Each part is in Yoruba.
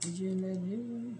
Did you let me?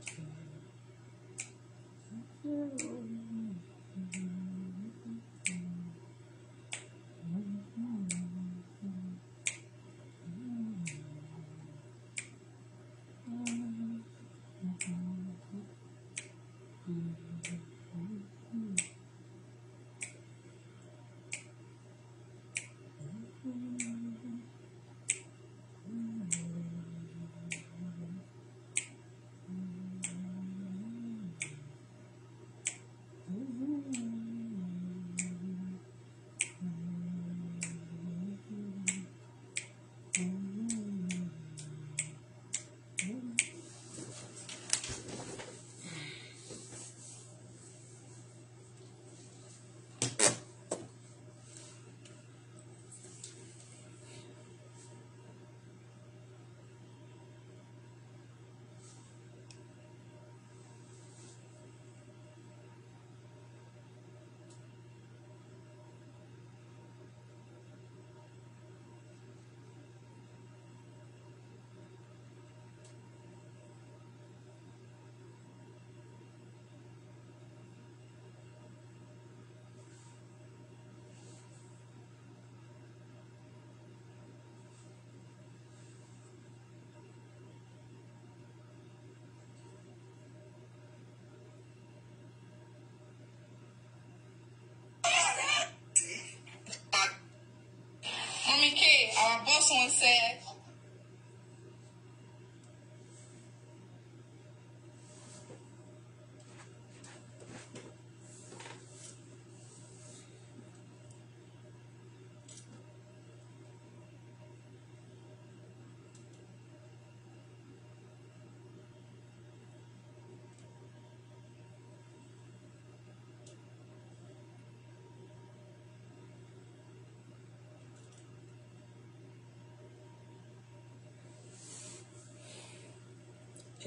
someone said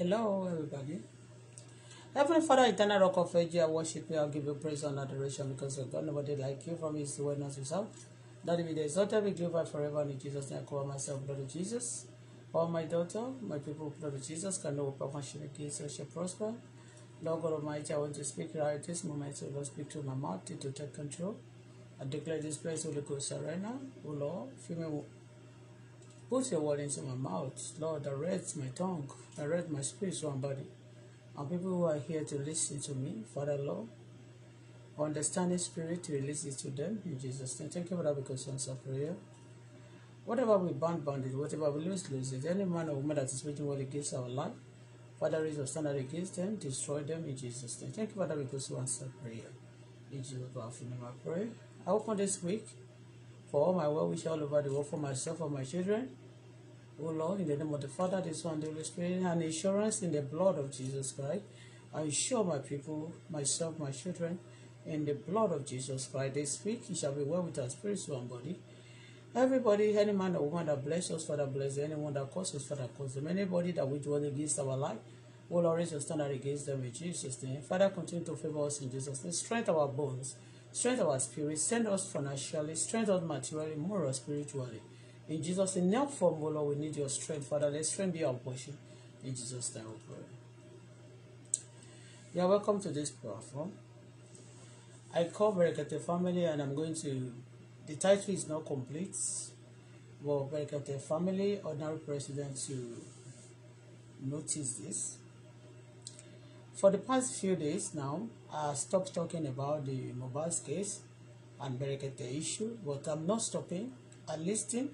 Hello, everybody. Heavenly Father, eternal rock of ages, I worship you. I give you praise and adoration because you've got Nobody like you from his and yourself. That will be the exalted, be glorified forever. And in Jesus' name, I call myself Lord of Jesus. All my daughter, my people, Lord of Jesus, can know what function against so shall prosper. Lord God Almighty, I want to speak right at this moment. So Lord, speak to my mouth to take control. I declare this place, Holy Ghost, arena. O Lord, fill me Put your word into my mouth, Lord. Direct my tongue, direct my spirit, to and body. And people who are here to listen to me, Father, Lord, understanding spirit, to release it to them in Jesus' name. Thank you, Father, because of answer prayer. Whatever we bound, bound it. Whatever we lose, lose it. Any man or woman that is speaking well against our life, Father, raise your standard against them, destroy them in Jesus' name. Thank you, Father, because you answer prayer. In Jesus' name, I pray. I open this week for all my well wishes all over the world, for myself and my children. O oh, Lord, in the name of the Father, the Son, and the Holy Spirit, and assurance in the blood of Jesus Christ. I assure my people, myself, my children, in the blood of Jesus Christ. This week, He shall be well with our spirit, and body. Everybody, any man or woman that bless us, Father, bless Anyone that curses, Father, curse them. Anybody that we withhold against our life, will always stand against them in Jesus' name. Father, continue to favor us in Jesus' name. Strengthen our bones, strengthen our spirit, send us financially, strengthen us materially, moral, spiritually. In Jesus' name, help from O Lord, we need your strength. Father, let strength be our portion. In Jesus' name, we pray. yeah, are welcome to this platform. I call Berekete family, and I'm going to. The title is not complete. Well, Berekete family, ordinary president, to notice this. For the past few days now, I stopped talking about the mobile case and Berekete issue, but I'm not stopping. I'm listening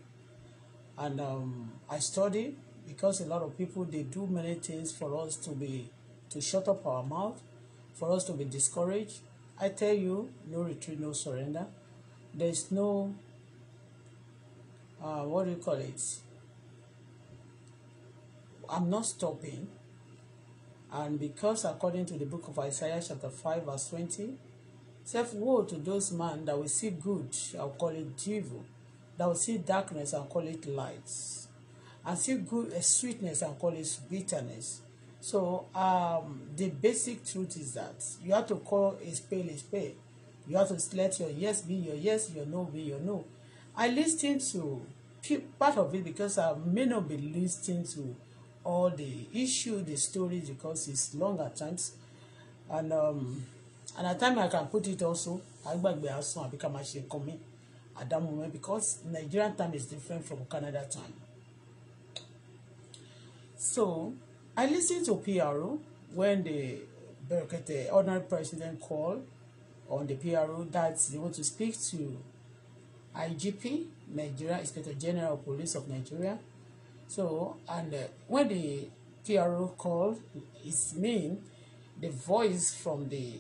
and um, I study because a lot of people they do many things for us to be to shut up our mouth, for us to be discouraged. I tell you, no retreat, no surrender. There's no uh, what do you call it? I'm not stopping. And because according to the book of Isaiah chapter 5 verse 20, self woe to those men that will see good, I'll call it evil that will see darkness and call it light and see good uh, sweetness and call it bitterness so um, the basic truth is that you have to call a spade a spade you have to let your yes be your yes your no be your no I listen to part of it because I may not be listening to all the issue the story because it's long at times and um, and at times I can put it also agbagbe asun àbí ká máa ṣe nǹkan at that moment because Nigerian time is different from Canada time. So I listened to PRO when the the ordinary president called on the PRO that they want to speak to IGP, Nigeria Inspector General of Police of Nigeria. So and uh, when the PRO called, it's mean the voice from the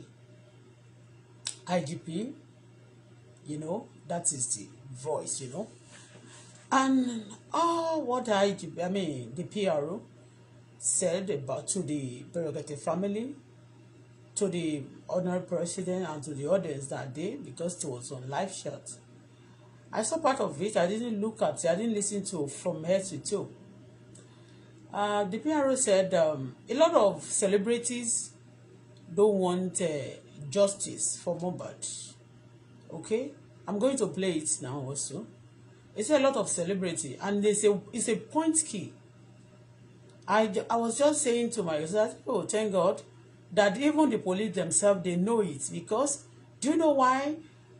IGP, you know, That is the voice, you know. And all what I, I mean, the PRO said about to the prerogative family, to the honorary president, and to the audience that day because it was on live shot. I saw part of it. I didn't look at it. I didn't listen to from head to toe. Uh, the PRO said um, a lot of celebrities don't want uh, justice for Mohbad. Okay? I'm going to play it now also. It's a lot of celebrity and it's a it's a point key. I, I was just saying to myself, oh, thank God that even the police themselves, they know it because do you know why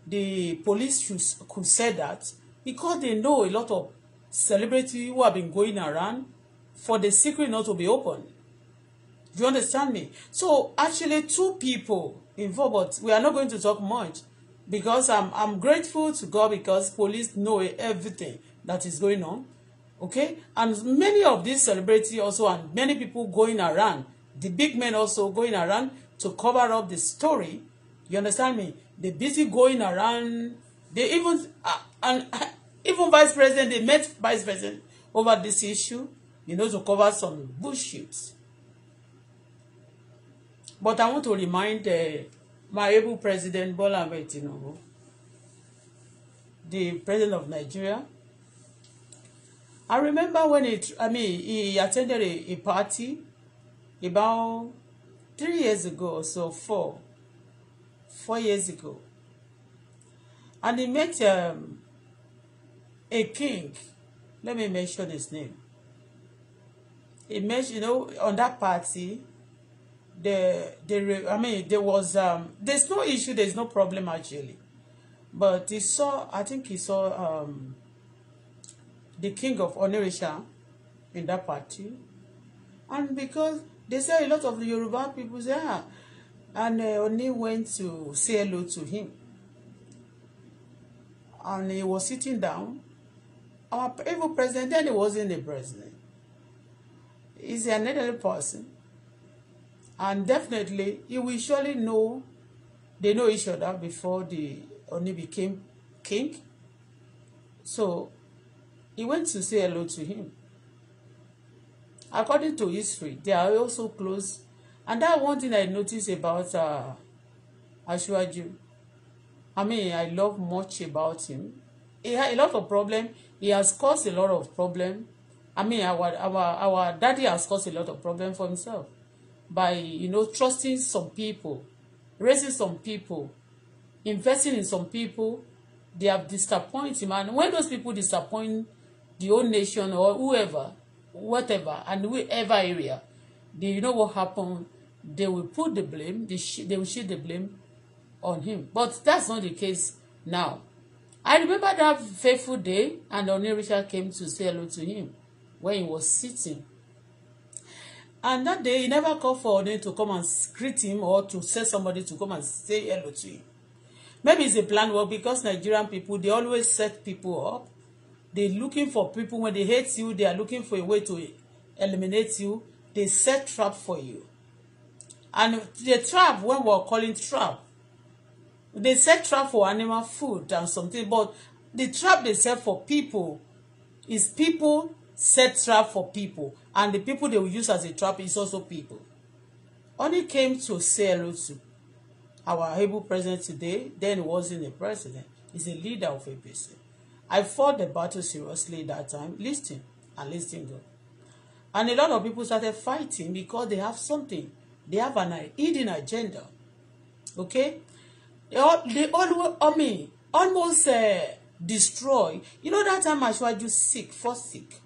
the police should, could say that? Because they know a lot of celebrity who have been going around for the secret not to be open. Do you understand me? So actually two people involved, but we are not going to talk much because I'm, I'm grateful to God because police know everything that is going on. Okay? And many of these celebrities also and many people going around, the big men also going around to cover up the story. You understand me? They busy going around. They even uh, and uh, even vice president, they met vice president over this issue, you know, to cover some bullshit. But I want to remind the uh, my able president Bola Ahmed Tinubu, the president of Nigeria. I remember when it, I mean, he attended a, a party about three years ago or so, four, four years ago. And he met um, a king. Let me mention his name. He met you know, on that party, the the I mean there was um there's no issue there's no problem actually, but he saw I think he saw um the king of Onirisha, in that party, and because they say a lot of the Yoruba people say ah, and uh, Oni went to say hello to him, and he was sitting down. Our evil president then he wasn't the president. He's an elderly person and definitely he will surely know they know each other before the Oni became king so he went to say hello to him according to history they are also close and that one thing I notice about uh, Asiwaju I mean I love much about him he had a lot of problem he has caused a lot of problem I mean our our our daddy has caused a lot of problem for himself by you know trusting some people raising some people investing in some people they have disappointed him and when those people disappoint the whole nation or whoever whatever and whoever area they you know what happen they will put the blame they, sh- they will shift the blame on him but that's not the case now I remember that fateful day and Oni Richard came to say hello to him when he was sitting And that day, he never called for Ode to come and greet him or to send somebody to come and say hello to him. Maybe it's a planned work because Nigerian people, they always set people up. They looking for people. When they hate you, they are looking for a way to eliminate you. They set trap for you. And the trap, when we are calling trap, they set trap for animal food and something. But the trap they set for people is people set trap for people and the people they will use as a trap is also people only came to say hello to our able president today then he wasn't a president he's a leader of APC I fought the battle seriously that time listening and listening good and a lot of people started fighting because they have something they have an hidden agenda okay they all they all I mean almost uh, destroy you know that time Asiwaju sick first sick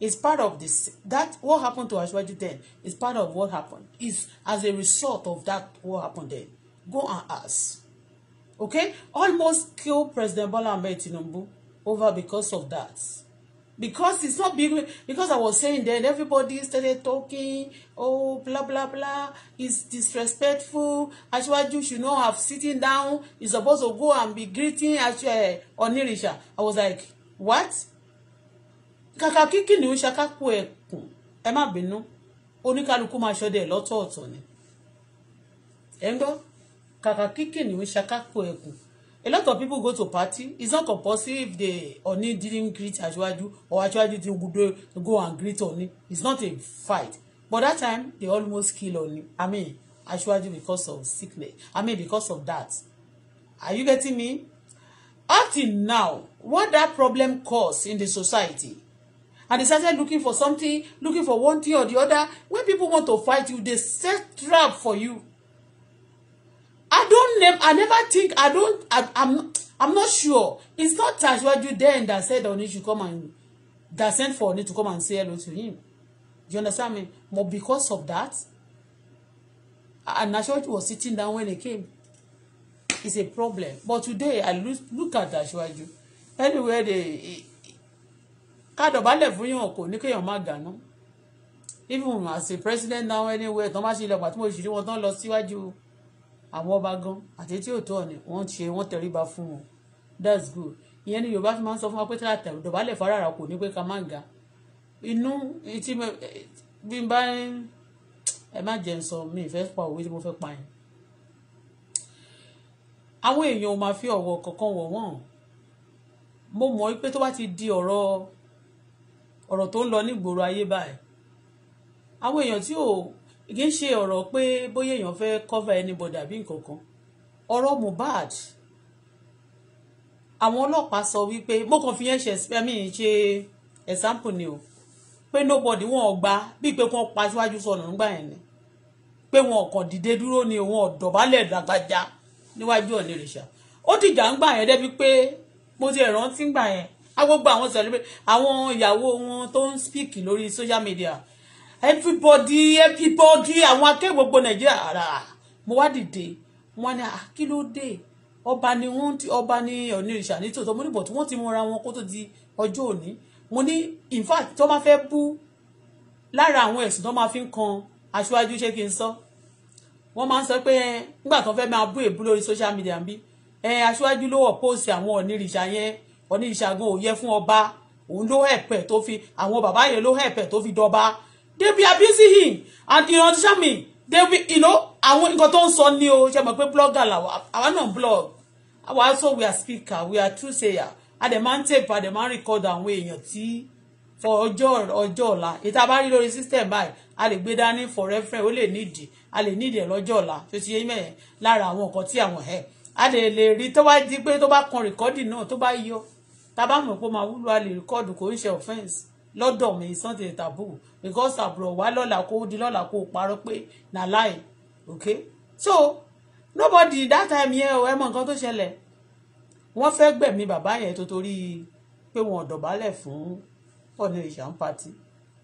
Is part of this. That what happened to Ashwaju then is part of what happened. Is as a result of that what happened then. Go and ask. Okay? Almost kill President Bola Ahmed Tinubu over because of that. Because it's not big because I was saying then everybody started talking, oh blah blah blah, it's disrespectful. Ashwaju should not have sitting down, he's supposed to go and be greeting Ashwaju eh, Onirisha. I was like, what? kàkà kí kìnìún ṣakápò ẹkùn ẹ má bínú oníkálukú máa ṣọdẹ lọ́tọ̀ọ̀tọ̀ ni ẹ ń gbọ́ kàkà kí kìnìún ṣakápò ẹkùn a lot of people go to party it's not compulsory if they Ooni didn't greet aṣáájú or aṣáájú didn't go, go and greet Ooni it's not a fight but that time they almost kill Ooni i mean aṣáájú because of sickness i mean because of that are you getting me up till now what that problem cause in the society and they started looking for something looking for one thing or the other when people want to fight you they set trap for you I don't name I never think I don't I, I'm I'm not sure it's not Tasiwaju then that said Oni should come and that sent for Oni to come and say hello to him do you understand me but because of that and Asiwaju was sitting down when he came it's a problem but today I look, look at Asiwaju anywhere they ká dọ̀bálẹ̀ fún yàn kò ní kéèyàn má gànú even as a president now anywhere tán bá ṣe ilẹ̀ pàtó mo ṣì rí wọn tán lọ síwájú àwọn ọba gan àti tí ò tó ọ̀nì wọ́n ṣe wọ́n tẹríba fún wọn that's good ìyẹn ni yorùbá fi máa ń sọ fún wa pé tí a tẹ̀ dọ̀bálẹ̀ fún aráàlú kò ní pé ká má ga inú tí bí n bá ẹ má jẹun sọ mi ìfẹ́ pa òwe tí mo fẹ́ pa yẹn àwọn èèyàn ò máa fi ọ̀wọ̀ kankan wọ̀ wọ́n mo mọ̀ pé tó bá ti di ọ̀rọ̀ ọ̀rọ̀ tó ń lọ nígboro ayé báyìí àwọn èèyàn tí ò kì í ṣe ọ̀rọ̀ pé bóyá èèyàn fẹ́ cover anybody àbí nǹkan kan ọ̀rọ̀ Mohbad àwọn ọlọ́pàá sọ wípé mo kàn fi yẹn ṣe ẹ̀mí ṣe example ni o pé nobody wọn ò gba bíi pé wọn pa síwájú sọnù nígbà yẹn ni pé wọn kàn dìde dúró ni wọn dọ̀bálẹ̀ dàgbàjà níwájú ọ̀nìrìṣà ó dìjà ń gbà yẹn débi pé mo ti rántí ń gbà yẹn agbogbo àwọn celebrate àwọn ìyàwó wọn tó ń speak lórí social media everybody everybody àwọn akẹ́wọ̀ gbogbo nàìjíríà rà mo wá dìde wọn ni kí ló dé ọba ni wọn ti ọba ni onírìṣà ní tòótọ́ mo ní bọ̀ tí wọ́n ti mọra wọn kó tó di ọjọ́ òní mo ní in fact tó bá fẹ́ bú lára àwọn ẹ̀sùn tó máa fi ń kan aṣáájú ṣé kí n sọ wọ́n máa ń sọ pé nígbà tó fẹ́ máa bú èébú lórí social media bí aṣáájú ló wọ̀ póòsì àwọn onírìṣà yẹn Ọọ̀ni Ìṣàgò ò yẹ fún ọba òun ló hẹ̀pẹ̀ tó fi àwọn bàbá yẹn ló hẹ̀pẹ̀ tó fi dọba they be abusing him and you understand me they be you know àwọn nǹkan tó ń sọ ni o ṣe mọ̀ pé blogger làwọn àwọn náà blog àwọn aṣọ we are speaker we are true sayer a dẹ̀ máa ń tape a dẹ̀ máa ń record àwọn èèyàn tí for ọjọ́ ọjọ́ ọ̀la ìta bá rí lórí system báyìí a lè gbé dání for reference ó lè nídìí a lè nídìí ẹ̀ lọ́jọ́ ọ̀la tó ti yé mẹ́yẹn lára àwọn nǹkan tí àwọn ẹ̀ a lè lè rí tó bá di pé tó bá kan recording náà tó bá yọ tábà mọ̀ pé máa wúlò àlè rìkọ́ọ̀dù kò ń ṣe offence lọ́dọ̀ mi sunday taboo because àbúrò wa lọ́la kó di lọ́la kó parọ́ pé na lie okay so nobody that time yẹn o ẹ mọ nǹkan tó ṣẹlẹ̀ wọ́n fẹ́ gbẹ̀mí bàbá yẹn tó torí pé wọn dọ̀bálẹ̀ fún ọ̀nà ìṣàn pati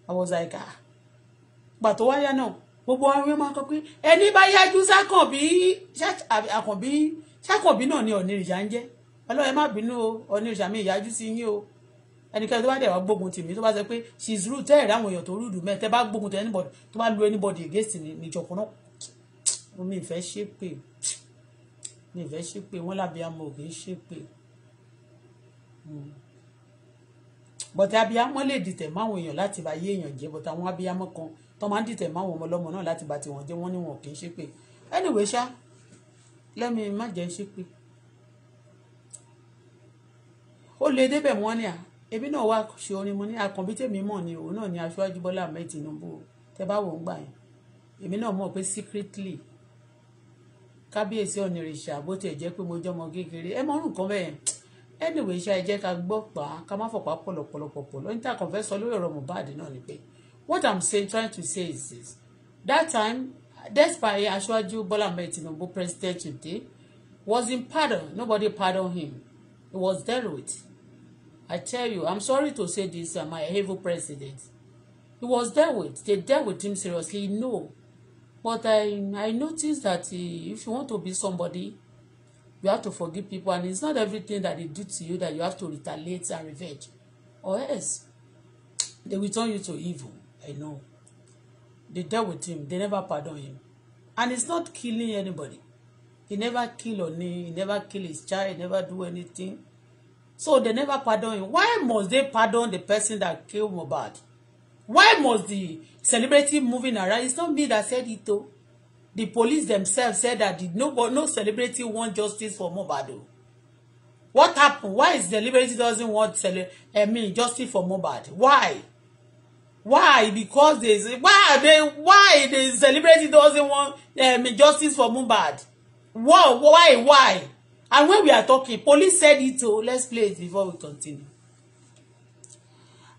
I was like ah pàtó wáyà náà gbogbo àwọn ọmọ akọ pé ẹni bá yájú sákànbí sákànbí sákànbí náà ni ọ̀nà ìṣàn jẹ́ ọlọ́run ẹ má bínú o ọ̀ní oṣù àmì ìyájú sí yín o ẹnikẹ́ni tó bá dẹ̀ wá gbógun tèmi tó bá sọ pé she is rude tẹ́ẹ̀rẹ́ àwọn èèyàn tó rúdù mẹ́ tẹ́ bá gbógun tẹ anybody tó bá lu anybody against níjọ̀kan náà omi ìfẹ́ ṣépè ní ìfẹ́ ṣépè wọ́n lábẹ́ amọ̀ òkè ṣépè hmm. bọ̀tẹ́ abiyamọ lè dìtẹ̀ máwọn èèyàn láti bá yé èèyàn jẹ́ bọ̀tẹ́ àwọn abiyamọ kan tó máa ń dìtẹ̀ máwọn ọmọ náà láti bá tiwọn jẹ́ wọ́n níwọ̀n kì í ṣépè anyway ṣá lẹ́mi má jẹ́ ṣépè ó lè débẹ̀ wọ́n ní à ebi náà wá ṣe orin mu ní akànbí tèmi mọ̀ ni òun náà ni aṣáájú Bọ́lá Ahmed Tinubu tẹ bá wò ń gbà yẹn èmi náà mọ̀ pé secretly kábíyèsí ọ̀nìrìṣà bó tiẹ̀ jẹ́ pé mo jọmọ kékeré ẹ mọ̀rún kan bẹ́ẹ̀ anyway ṣá ẹ jẹ́ ká gbọ́ pa ká má fọ̀pá pọ̀lọ̀pọ̀lọpọ̀ lóyún tá a kàn fẹ́ sọ lórí ọ̀rọ̀ Mohbad náà ni pé what i'm saying trying to say is this that time despite aṣáájú Bọ́lá Ahmed Tinubu president today was in pardon nobody pardon him he was dealt with I tell you, I'm sorry to say this, uh, my evil president. He was dealt with. They dealt with him seriously, no. But I, I noticed that he, uh, if you want to be somebody, you have to forgive people. And it's not everything that they do to you that you have to retaliate and revenge. Or else, they will turn you to evil. I know. They dealt with him. They never pardon him. And it's not killing anybody. He never kill Oni. He never kill his child. He never do anything. So they never pardon him. Why must they pardon the person that killed Mohbad? Why must the celebrity moving around? It's not me that said it though. The police themselves said that the, no, no celebrity want justice for Mohbad though. What happened? Why is celebrity doesn't want cele I mean justice for Mohbad? Why? Why? Because they say, why they why the celebrity doesn't want um, justice for Mohbad? Why? Why? Why? And when we are talking, police said it too. Let's play it before we continue.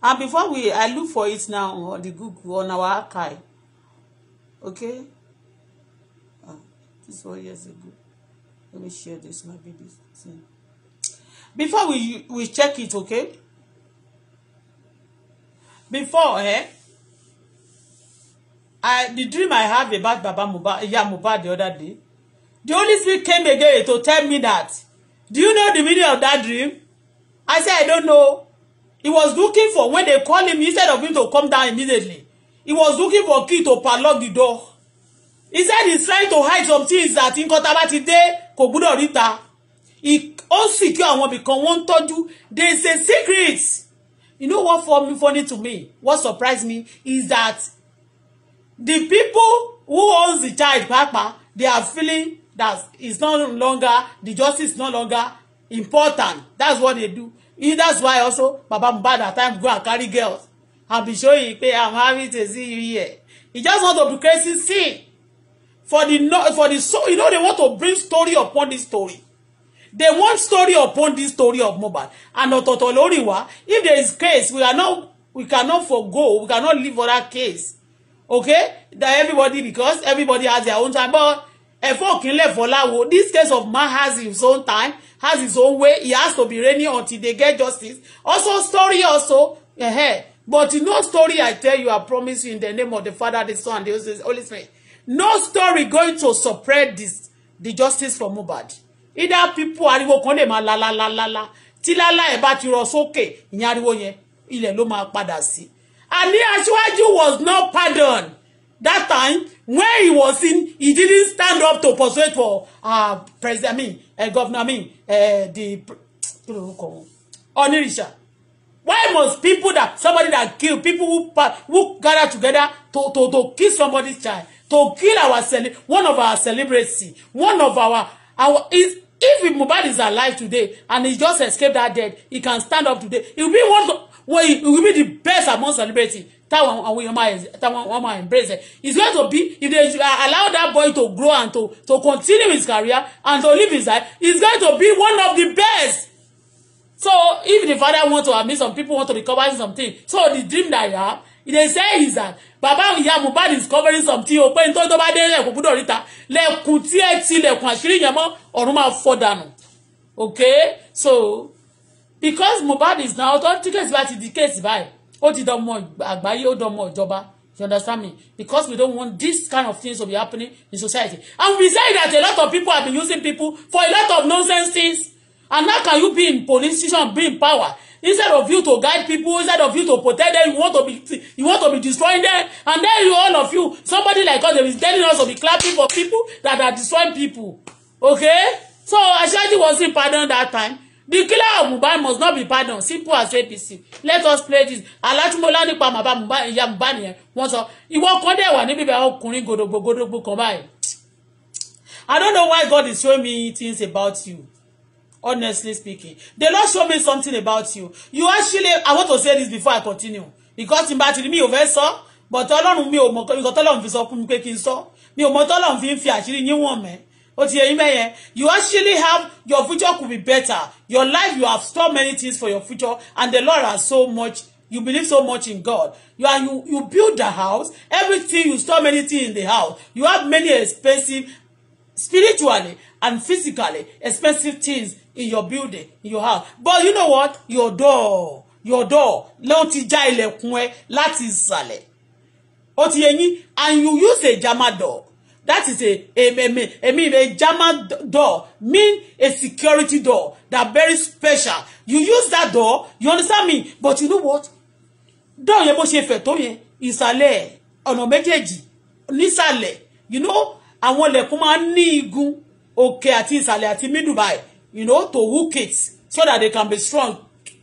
And before we, I look for it now on the Google, on our archive. Okay? Oh, this was years ago. Let me share this, my baby thing. Before we we check it, okay? Before, eh? I, the dream I have about Baba Mohbad, Yah Mohbad the other day, The Holy Spirit came again to tell me that. Do you know the meaning of that dream? I said, I don't know. He was looking for, when they called him, instead of him to come down immediately, he was looking for key to padlock the door. He said he's trying to hide some things that in tá a bá ti dé kò gbúdọ̀ ríta. Ó secure àwọn ibìkan wọ́n ń tọ́jú. They say secrets. You know what for me, funny to me? What surprised me is that the people who owns the child, Papa, they are feeling that is no longer the justice no longer important that's what they do that's why also baba Mohbad at times go and carry girls and be showing pe i'm happy to see you here he just want to be crazy see for the no for the so you know they want to bring story upon this story they want story upon this story of Mohbad and ọ̀tọ̀ọ̀tọ̀ lórí if there is case we are not we cannot forgo we cannot leave for that case okay that everybody because everybody has their own time but Efo Kinlefolawo, this case of man has his own time, has his own way. He has to be ready until they get justice. Also, story also, eh, but no story I tell you, I promise you in the name of the Father, the Son, and the Holy Spirit. No story going to suppress this, the justice for Mohbad. Either people ariwo kan lè máa la la la la la tí lálá ẹ̀ bá ti rọ sókè ìyẹn ariwo yẹn ilẹ̀ ló máa padà sí. Àní Aṣíwájú was not pardoned that time when he was in he didn't stand up to persuade for uh, president I mean uh, governor I mean uh, the Onirisha why must people that somebody that kill people who who gather together to to to kill somebody's child to kill our cele one of our celebrity one of our our is if Mohbad is alive today and he just escaped that death he can stand up today he will be one well, he will be the best among celebrity táwọn àwọn èèyàn máa táwọn wọn máa embrace ẹ it's going to be if they allow that boy to grow and to to continue his career and to live his life it's going to be one of the best so if the father want to admit some people want to recover something so the dream that you have they say is that Baba, ìyá Mohbad is covering something o pé n tó tó bá dé ẹ̀kọ́ gbúdọ̀ ríta lẹ́kùn tí ẹ ti lẹ́kùn àṣírí yẹn mọ́ ọ̀run máa fọ́ dànù okay so because Mohbad is now tó tickets bá ti di case báyìí ó ti dọmọ àgbáyé ó dọmọ ìjọba you understand me because we don't want this kind of things to be happening in society and we say that a lot of people have been using people for a lot of nonsense things and how can you be in police station be in power instead of you to guide people instead of you to protect them you want to be you want to be destroying them and then you all of you somebody like us dey be telling us to be clapping for people that are destroying people okay so Asiwaju was in pardon that time the killer of Mohbad must not be pardoned simple as APC let us play this alájúmọ́lá nípa bàbá Mohbad ìyá Mohbad nìyẹn wọ́n sọ ìwọ kan dẹ̀ wà níbi bàbá ọkùnrin gòdògbò gòdògbò kan báyìí I don't know why God is showing me things about you honestly speaking the Lord show me something about you you actually I want to say this before I continue because n bá ti rí mi ò fẹ́ sọ but Ọlọ́run mi ò mọ̀ nǹkan tọ́lọ́run fi sọ fún mi pé kí n sọ mi ò mọ̀ tọ́lọ́run fi ń fi àṣírí yín wọ̀n mẹ́ẹ́ ó ti yé you actually have your future could be better your life you have stored many things for your future and the Lord has so much you believe so much in God you are you you build the house everything you store many things in the house you have many expensive spiritually and physically expensive things in your building in your house but you know what your door your door ló ti jai le kwe láti ìsàlẹ̀ ó ti yẹ and you use a jama door That is a, a, a, a, a, a German door, mean a security door that very special. You use that door, you understand me? But you know what? Door yẹn bó ṣe fẹ̀ tó yẹn, ìsàlẹ̀ ọ̀nà méjèèjì nísàlẹ̀, you know, àwọn ilẹ̀kùn máa ń ní igun òkè àti ìsàlẹ̀ àti middle by, you know, to hook it so that they can be strong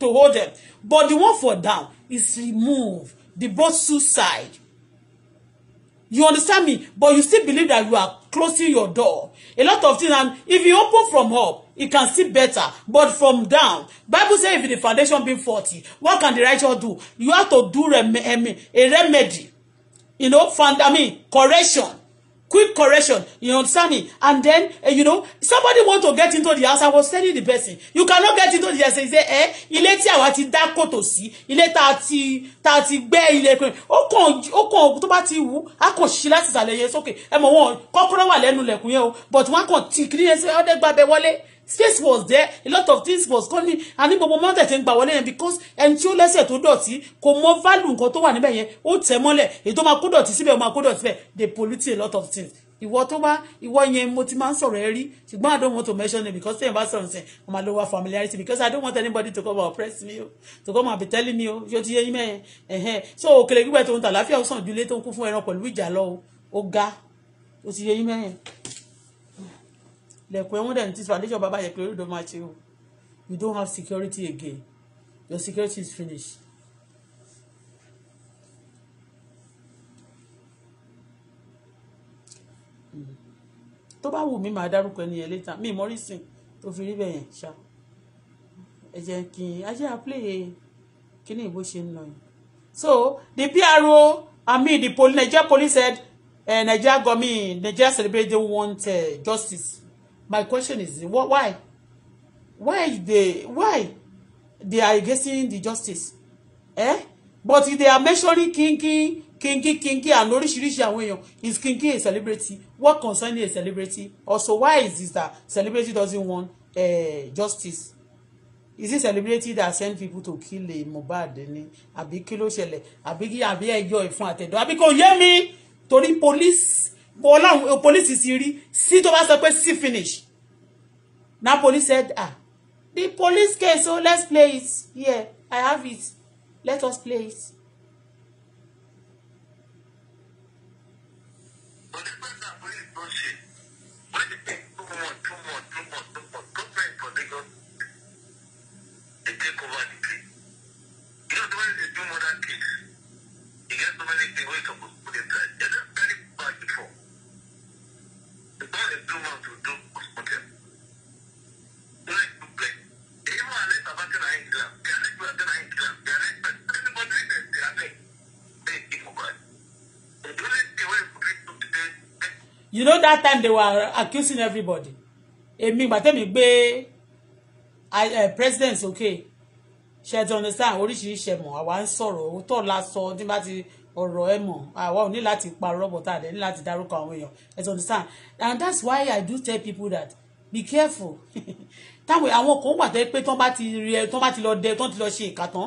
to hold them. But the one for down is remove the both two side You understand me? But you still believe that you are closing your door. A lot of things, and if you open from up, it can see better. But from down, Bible says if the foundation be faulty, what can the righteous do? You have to do rem a remedy. You know, found, I mean, correction quick correction you understand me and then uh, you know somebody want to get into the house i was telling the person you cannot get into the house he say eh ilé tí àwa ti dá kòtò sí ilé tá a ti tá a ti gbẹ́ ilé pé ó kàn ó kàn tó bá ti wù á kàn ṣí láti ìsàlẹ̀ yẹn sókè ẹ mọ̀ wọn kọ́kọ́rọ́ wà lẹ́nu ilẹ̀kùn yẹn o but wọ́n á kàn tì kí ni ẹ sẹ́ ọdẹ gbàgbẹ́ wọlé space was there a lot of things was coming and ní gbogbo mountain ti ń gbà wọlé yẹn because ẹni tí ó lẹ́sẹ̀ tó dọ̀tí kò mọ value nǹkan tó wà níbẹ̀ yẹn ó tẹ̀ mọ́lẹ̀ èyí tó máa kó dọ̀tí síbẹ̀ ó máa kó dọ̀tí síbẹ̀ they pollute a lot of things ìwọ tó bá ìwọ yẹn mo ti máa ń sọ̀rọ̀ ẹ rí ṣùgbọ́n I don't want to mention it because tẹ́yìn bá sọ̀rọ̀ sẹ̀ wọ́n máa lower familiarity because I don't want anybody to come and oppress me o to come and be telling me o yóò ti yé yín mẹ́yẹn so òkèlè gbígbẹ́ tó ń tà láfíà ó sàn ju ilé tó ń kún fún ẹran pẹ̀lú ìjà lọ o ó ga ó ti yé yín mẹ́yẹn. Like ẹ̀wọ̀n dẹ̀ ní this foundation bàbá yẹ pé orí ìdánwò máa you don't have security again your security is finished. Hmm. tó bá wù mí màá dárúkọ ẹni yẹn létà mí mọ́rí sìn tó fi rí bẹ́ẹ̀ yẹn ṣá ẹ jẹ́ kí n ajé àpilẹ̀ kíní ìbò ṣe ń lọ yìí. so the PRO I mean the police Nigeria police said uh, Nigeria gomi Nigeria celebrate they want justice my question is what, why why they why they are against the justice eh but if they are measuring kinky kinky kinky and oríṣiríṣi àwọn èèyàn is kinky a celebrity what concern a celebrity also why is this that celebrity doesn't want uh, justice is it celebrity that send people to kill a Mohbad ni àbí kí ló abi abi kí àbí ẹjọ́ abi ko àbí kò mi torí police ọlọ́run police ti rí sí tó bá sọ pé sí finish na police said ah the police case So let's play it here i have it let us play it. onígbàgbà police bó ṣe wọ́n ti pè é fún that time they were accusing everybody èmi ìgbà tẹ́mi gbé eh, president sókè ṣe ti understand oríṣiríṣi ẹ̀mọ̀ àwa ń sọ̀rọ̀ òótọ́ la sọ tí bá ti ọ̀rọ̀ ẹ mọ̀ àwa ò ní láti parọ́ bọ̀tà àdé ní láti dárúkọ àwọn èèyàn ẹ ti understand and that's why I do tell people that be careful táwọn àwọn kan wà tẹ́ pé tán bá ti rí ẹ tán bá ti lọ dẹ tán ti lọ ṣe ìka tán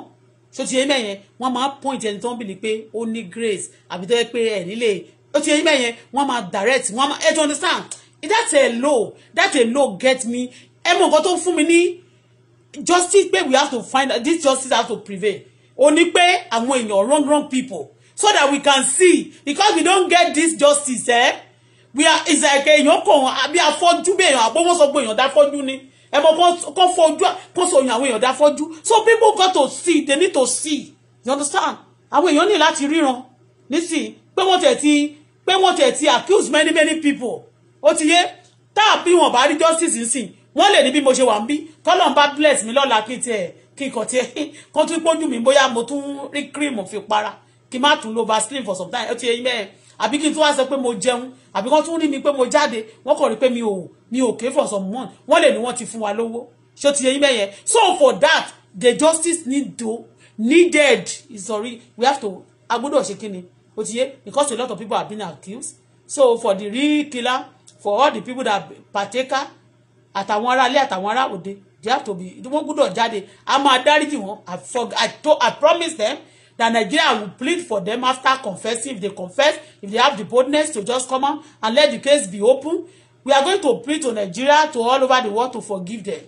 ṣó ti yé mẹ́yẹn wọ́n máa point ẹni tán bì ní pé ó ní grace àbí tẹ́ pé ẹ̀ nílé ó ti yẹ bẹ́ẹ̀ yẹn wọ́n máa direct wọ́n máa ẹ ti understand that's a law that's a law get me ẹ mọ nǹkan tó fún mi ní justice pé we have to find out this justice has to prevail ó ní pé àwọn èèyàn wrong wrong people so that we can see because we don't get this justice eh we are it's like èèyàn kàn àbí afọ́jú bí èèyàn àbọ̀ wọ́n sọ pé èèyàn dáfọ́jú ni ẹ mọ kàn fọ́jú kàn sọ èèyàn àwọn èèyàn dáfọ́jú so people got to see they need to see you understand àwọn èèyàn ní láti ríran nísìnyí pé wọ́n tẹ̀ ti pé wọ́n tẹ̀ ti accuse many many people ó ti yé tá a bí wọn bá rí justice nsìn wọ́n lè ní bí mo ṣe wà ń bí tọ́lọ́n bá bless mi lọ́la kí tiẹ̀ kí n kàn tiẹ̀ kó tún pójú mi bóyá mo tún rí cream fi para kí n má tún lo vaseline for some time ó ti yé mẹ́ẹ̀ àbí kí n tún wá sọ pé mo jẹun àbí kán tún rí mi pé mo jáde wọ́n kàn rí pé mi ò mi ò ké for some months wọ́n lè ní wọ́n ti fún wa lówó ṣé ó ti yé mẹ́yẹn so for that the justice need do needed sorry we have to agbọ́dọ̀ ṣe kí ni ó ti yé because a lot of people have been accused so for the real killer for all the people that partaker àtàwọn ará ilé àtàwọn ará òde they have to be wọ́n gbọ́dọ̀ jáde a máa dáríjì wọn i forg i to i promise them that Nigeria will plead for them after confessing if they confess if they have the boldness to just come out and let the case be open we are going to plead to Nigeria to all over the world to forgive them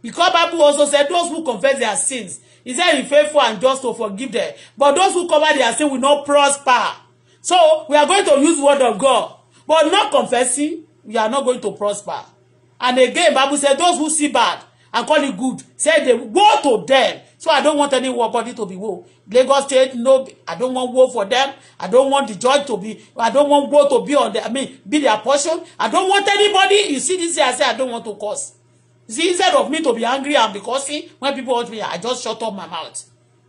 because Bible also said those who confess their sins He said he's faithful and just to forgive them. But those who cover their sin will not prosper. So we are going to use word of God. But not confessing, we are not going to prosper. And again, Bible said those who see bad and call it good, say they go to them. So I don't want any body to be woe. Lagos State, no, I don't want woe for them. I don't want the judge to be, I don't want woe to be on the, I mean, be their portion. I don't want anybody, you see this here, I say I don't want to cause." See, instead of me to be angry and because see, when people hurt me, I just shut up my mouth.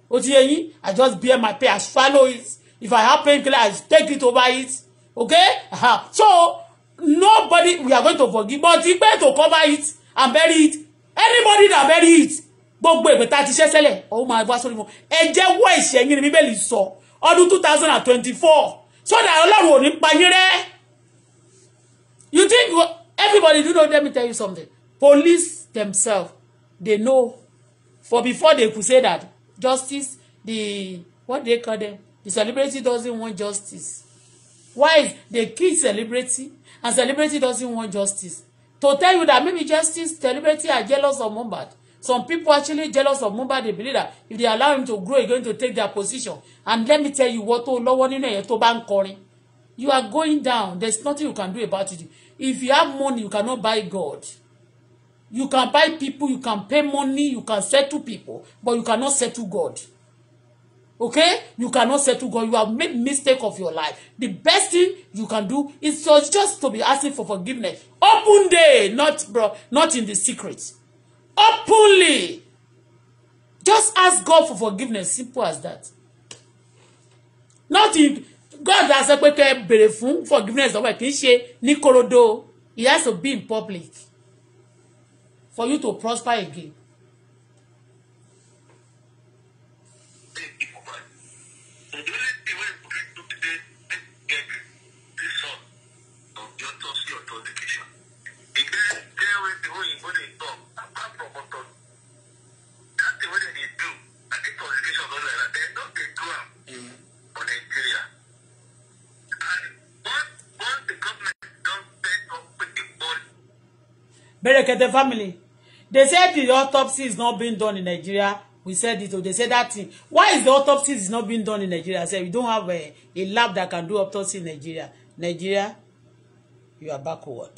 Ó ti I just bear my pain, I swallow it. If I have pain, I take it over it. Okay? Uh-huh. So, nobody, we are going to forgive, but it's pay to cover it and bury it. Anybody that bury it, gbogbo ègbè tá a ti ṣẹ́ sẹ́lẹ̀, ọ̀hún máa wá sórí wọn. Ẹ wọ́ ẹ̀ṣẹ̀ ni Bíbélì sọ ọdún two thousand and twenty-four. So that Ọlọ́run ò ní pa yín rẹ́. You think everybody do know, let me tell you something police themselves they know for before they could say that justice the what they call them the celebrity doesn't want justice why they kill celebrity and celebrity doesn't want justice to tell you that maybe justice celebrity are jealous of Mohbad some people actually jealous of Mohbad they believe that if they allow him to grow he going to take their position and let me tell you what tó oh, lọ́wọ́ nínú ẹ̀yẹ tó bá ń kọrin you are going down there is nothing you can do about it if you have money you cannot buy God You can buy people, you can pay money, you can settle people, but you cannot settle God. Okay? You cannot settle God. You have made mistake of your life. The best thing you can do is just to be asking for forgiveness. Open day, not bro, not in the secret. Openly. Just ask God for forgiveness. Simple as that. Not in God has a quick forgiveness. He has to be in public for you to prosper again. Berekete family. They said the autopsy is not being done in Nigeria. We said it, or oh, they said that thing. Why is the autopsy is not being done in Nigeria? I said, we don't have a, eh, a lab that can do autopsy in Nigeria. Nigeria, you are backward.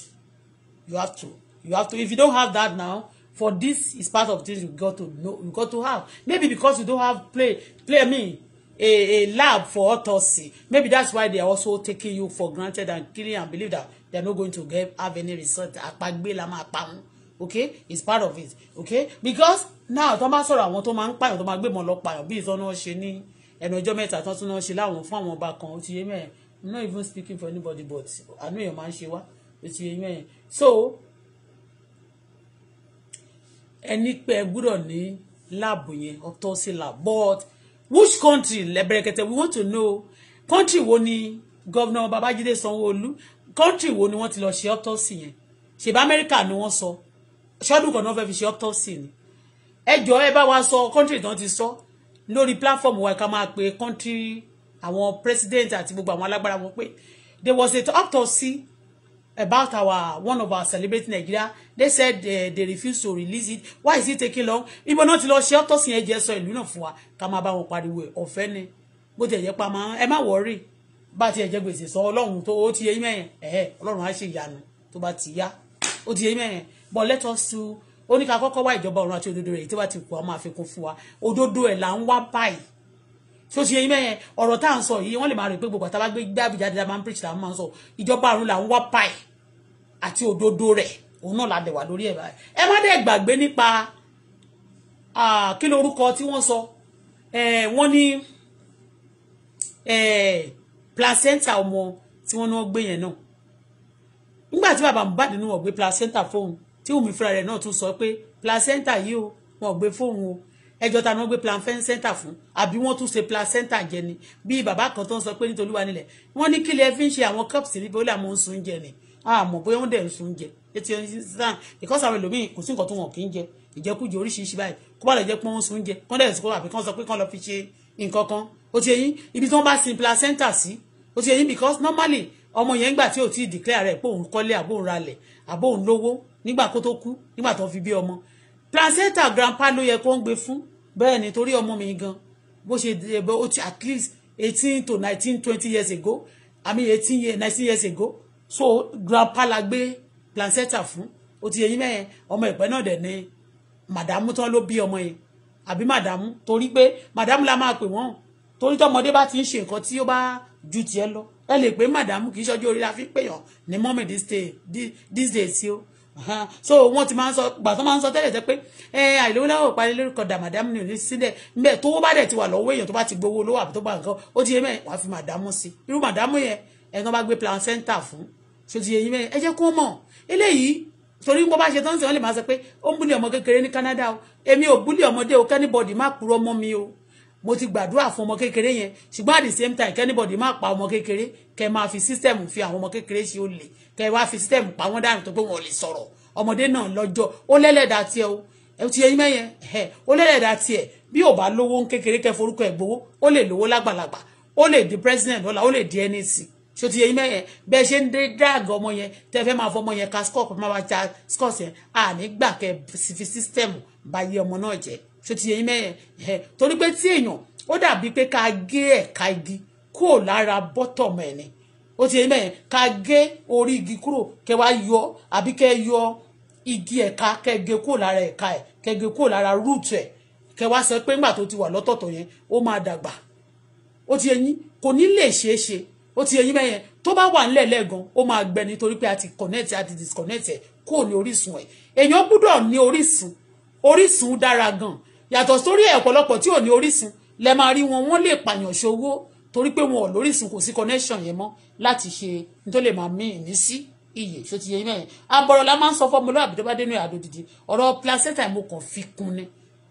You have to. You have to. If you don't have that now, for this is part of things you got to know, you got to have. Maybe because you don't have play, play me, a, a lab for autopsy. Maybe that's why they are also taking you for granted and killing and believe that they are not going to get, have any result. Àpagbé la máa pa wọ́n okay it's part of it okay because now tó máa sọ̀rọ̀ àwọn tó máa ń pààyàn tó máa gbé mọ́ lọ pààyàn bí ìtọ́nà ṣe ní ẹnu ọjọ́ mẹ́ta tó tún náà ṣe láwọn fún àwọn ọba kan ó ti yé mẹ́rin i'm not even speaking for anybody but àánú èèyàn máa ń ṣe wá ó ti yé mẹ́rin so ẹni pé ẹ gbúdọ̀ ní láàbù yẹn autopsy lab but which country lẹ́bẹ̀rẹ̀kẹ̀tẹ̀ we want to know country wo ni governor babájídé sanwó-olú country wo ni wọ́n ti lọ ṣe autopsy yẹn ṣèbá amẹ́ríkà ni wọ́n sọ. So ṣọ́dún kan náà fẹ́ fi ṣe autopsy ni ẹ jọ ẹ bá wa sọ country náà ti sọ lórí platform wa ká máa pe country àwọn president àti gbogbo àwọn alágbára wọn pé there was a autopsy about our one of our celebrate Nigeria they said uh, they, they refuse to release it why is it taking long ibo náà ti lọ ṣe autopsy yẹn jẹ sọ ìlú náà fún wa ká máa bá wọn pariwo ọ̀fẹ́ ni bó ti ẹ̀jẹ̀ pa máa ẹ má wọrí bá ti ẹ̀jẹ̀ gbèsè sọ ọlọ́run tó ó ti yẹ mẹ́yẹn ẹ̀ẹ́ ọlọ́run á ṣe ìyanu tó bá ti yá ó ti yẹ mẹ́yẹn but let us do oníkà kọ́kọ́ wá ìjọba ọ̀run àti òdodo rẹ̀ tí wàá ti kú àwọn àfikún fún wa òdodo ẹ̀ là ń wá báyìí tí ó ti yẹ mẹ́yẹn ọ̀rọ̀ tá à ń sọ yìí wọ́n lè máa rò pé gbogbo àtàwọn gbé gbé àbújá dídá máa ń preach là ń máa ń sọ ìjọba ọ̀run là ń wá báyìí àti òdodo rẹ̀ òun náà la dẹ̀ wà lórí ẹ̀ báyìí ẹ má dẹ̀ gbàgbé nípa kí lorúkọ tí wọ́n sọ wọ́n ní placenta ọmọ tí wọ́n náà gbé yẹn náà nígbà tí bàbá Mohbad nínú ọ̀gbé placenta fóun tí wùmí fúnra rẹ̀ náà tún sọ pé placenta yìí o wọn ò gbé fóun o ẹjọ́ ta ni wọ́n gbé placenta fún àbí wọ́n tún ṣe placenta jẹ ni bí bàbá kan tó ń sọ pé nítorí wà nílẹ̀ wọ́n ní kílẹ̀ fi ń ṣe àwọn cups níbi ó làwọn ń sun jẹ ni àmọ́ bóyá wọ́n dẹ̀ ń sun jẹ etí ẹni sísan because àwọn ẹlòmíì kò sí nǹkan tó wọn kì í jẹ ìjẹkújẹ oríṣiríṣi báyìí kó bá lè jẹ pé wọ́n ń sun jẹ kán dẹ̀ sọ àbí kán sọ pé kán lọ fi ṣe nǹkan kan ó ti eyín ibi tí wọ́n bá sin placenta sí ó ti eyín because normally ọmọ yẹn gbà tí ò tí ì declare rẹ̀ pé òun kọ́lé àbóhùn ralẹ̀ àbóhùn lówó nígbà kó tó kú nígbà tó fi bí ọmọ placenta grandpa ló yẹ kó ń gbé fún bẹ́ẹ̀ ni torí ọmọ mi gan bó ṣe ẹ̀bọ ó ti at least eighteen to nineteen twenty years ago i mean eighteen years nineteen years ago so grandpa la gbé placenta fún ó ti yẹyin mẹ́yẹn ọmọ ìpẹ́ náà dẹ̀ ni màdàmú tán ló bí ọmọ yẹn àbí màdàmú torí pé màdàmú la máa pè wọ́n torí tọmọdé bá ti ń ṣe nǹkan tí ó bá ju tiẹ̀ lọ ẹ lè pé màdàmú kì í ṣọjú orí la fi pèyàn ní mọ́mì this day this day sí o so wọ́n ti máa ń sọ gbà tó máa ń sọ tẹ́lẹ̀ tẹ́ pé ẹ àìlówó parí lórúkọ dàmàdàmù ní sílẹ̀ níbẹ̀ tó bá dẹ̀ ti wà lọ́wọ́ èèyàn tó bá ti gbowó lówó àbí tó bá nǹkan ó ti yé mẹ́ wàá fi màdàmù sí irú màdàmù yẹn ẹ̀gbọ́n bá gbé placenta fún so ti yé yín mẹ́ ẹ jẹ́ kó mọ̀ eléyìí torí bó bá ṣe tán sí wọn lè máa sọ pé ó ń búlẹ̀ ọmọ kékeré ní Canada o èmi ò búlẹ̀ ọmọdé o kẹ́nìbọ̀dì má kúrò ọmọ mi o mo ti gbàdúrà fún ọmọ kékeré yẹn ṣùgbọ́n at the same time kẹ́nìbọ̀dì má pa ọmọ kékeré kẹ́ máa fi system fi àwọn ọmọ kékeré ṣe ó lè kẹ́ wá fi system pa wọ́n dànù tó pé wọ́n lè sọ̀rọ̀ ọmọdé náà lọ́jọ́ ó lẹ́lẹ́dà tiẹ̀ o ẹ ti yẹyin mẹ́yẹn ẹ ó lẹ́lẹ́dà tiẹ̀ bí ò bá lówó ń kékeré kẹ́ forúkọ ẹ̀ gbowó ó lè lówó lágbàlagbà ó lè di president lọ́la ó lè di nec ṣó ti yẹyin mẹ́yẹn bẹ́ ẹ ṣe ń dé dáàgọ́ ọmọ yẹn tẹ́ fẹ́ máa fọ yẹn ka scop máa wá ja scop yẹn à nígbà kẹ́ fi system bá ọmọ náà jẹ́ ṣe ti yẹyin mẹ́yẹn ẹ̀ torí pé tí èèyàn ó dàbí pé ká gé ẹ̀ka igi kúrò lára bọ́tọ̀mù ẹ̀ ni ó ti yẹyin mẹ́yẹn ká gé orí igi kúrò kẹ wá yọ àbí kẹ yọ igi ẹ̀ka kẹ gé kúrò lára ẹ̀ka ẹ̀ kẹ gé kúrò lára rúùtù ẹ̀ kẹ wá sọ pé ńgbà tó ti wà lọ́tọ̀ọ̀tọ̀ yẹn ó máa dàgbà ó ti yẹyin kò ní lè ṣeé ṣe ó ti yẹyin mẹ́yẹn tó bá wà nílẹ̀ lẹ́ẹ̀gan ó máa gbẹ nítorí pé a ti connect a ti disconnect ẹ̀ kúrò ní orísun ẹ̀ èèyàn gbúdọ̀ ní orísun orísun dára gan yàtọ̀ sórí ẹ̀ ọ̀pọ̀lọpọ̀ tí ò ní orísun lẹ máa rí wọn wọ́n lè pààyàn ṣòwò torí pé wọn ò lórísun kò sí connection yẹn mọ́ láti ṣe tó lè máa mí ìní sí iye tó ti yẹ yín mẹ́rin abọ́rọ̀ la máa ń sọ fọ́mọ lọ́wọ́ àbídọ́ bá dénú àdó dìdí ọ̀rọ̀ placenta mo kàn fi kún ni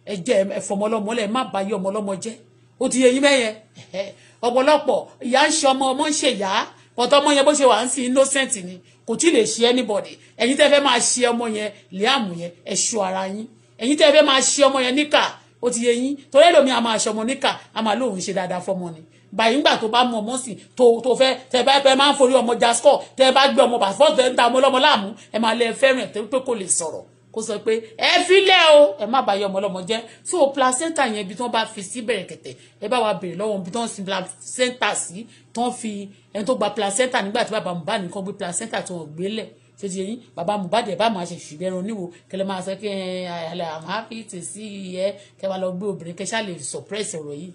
ẹ jẹ́ ẹ̀fọ́mọ ọlọ́mọ lẹ̀ má bàyẹ́ ọmọ ọlọ́mọ jẹ́ ó ti yẹ yín mẹ́yẹn ọ̀pọ̀lọpọ̀ ìyá ń ṣe ọmọ ọmọ ń ṣe ìyá pọ̀tọ́ ọmọ yẹn bó ṣe wà ń sin innocent ni kò tí ì lè ṣe anybody ẹ̀yin tẹ́ fẹ́ máa ṣe ọmọ yẹn Liam yẹn ẹ ara yín ẹ̀yin tẹ́ ẹ fẹ́ máa ṣe ọmọ yẹn níkà ó ti yẹ yín torí ẹlòmíì a máa ṣe ọmọ níkà a máa lóun ṣe dáadáa fọmọ ni bàyí ńgbà tó bá mú ọmọ sí tó tó fẹ́ tẹ́ bá fẹ́ máa ń forí ọmọ jaskọ tẹ́ bá gbé ọmọ bàfọ tẹ́ ń ta ọmọ ọlọmọ láàmú ẹ máa lẹ fẹ́ràn ẹ pé kò lè sọ̀rọ̀ kó sọ pé ẹ filẹ̀ o ẹ má bàyẹ ọmọ ọlọmọ jẹ́ so placenta yẹn ibi tí wọ́n bá fi sí bẹ̀rẹ̀ kẹ̀tẹ̀ ẹ bá wa béèrè lọ́wọ́ ibi tí wọ́n sin placenta sí tí wọ́n fi ẹni tó gba placenta nígbà tí bàbá Mohbad nìkan gbé placenta tí wọ́n gbé lẹ̀ ṣe ti yẹn bàbá Mohbad ẹ̀ bá máa ṣe ṣì bẹ̀rù oníwo kẹlẹ́ máa sọ kẹ́ ẹ̀ i'm happy to see ẹ kẹ́ wàá lọ gbé obìnrin kẹ́ ṣáà lè suppress ọ̀rọ̀ yìí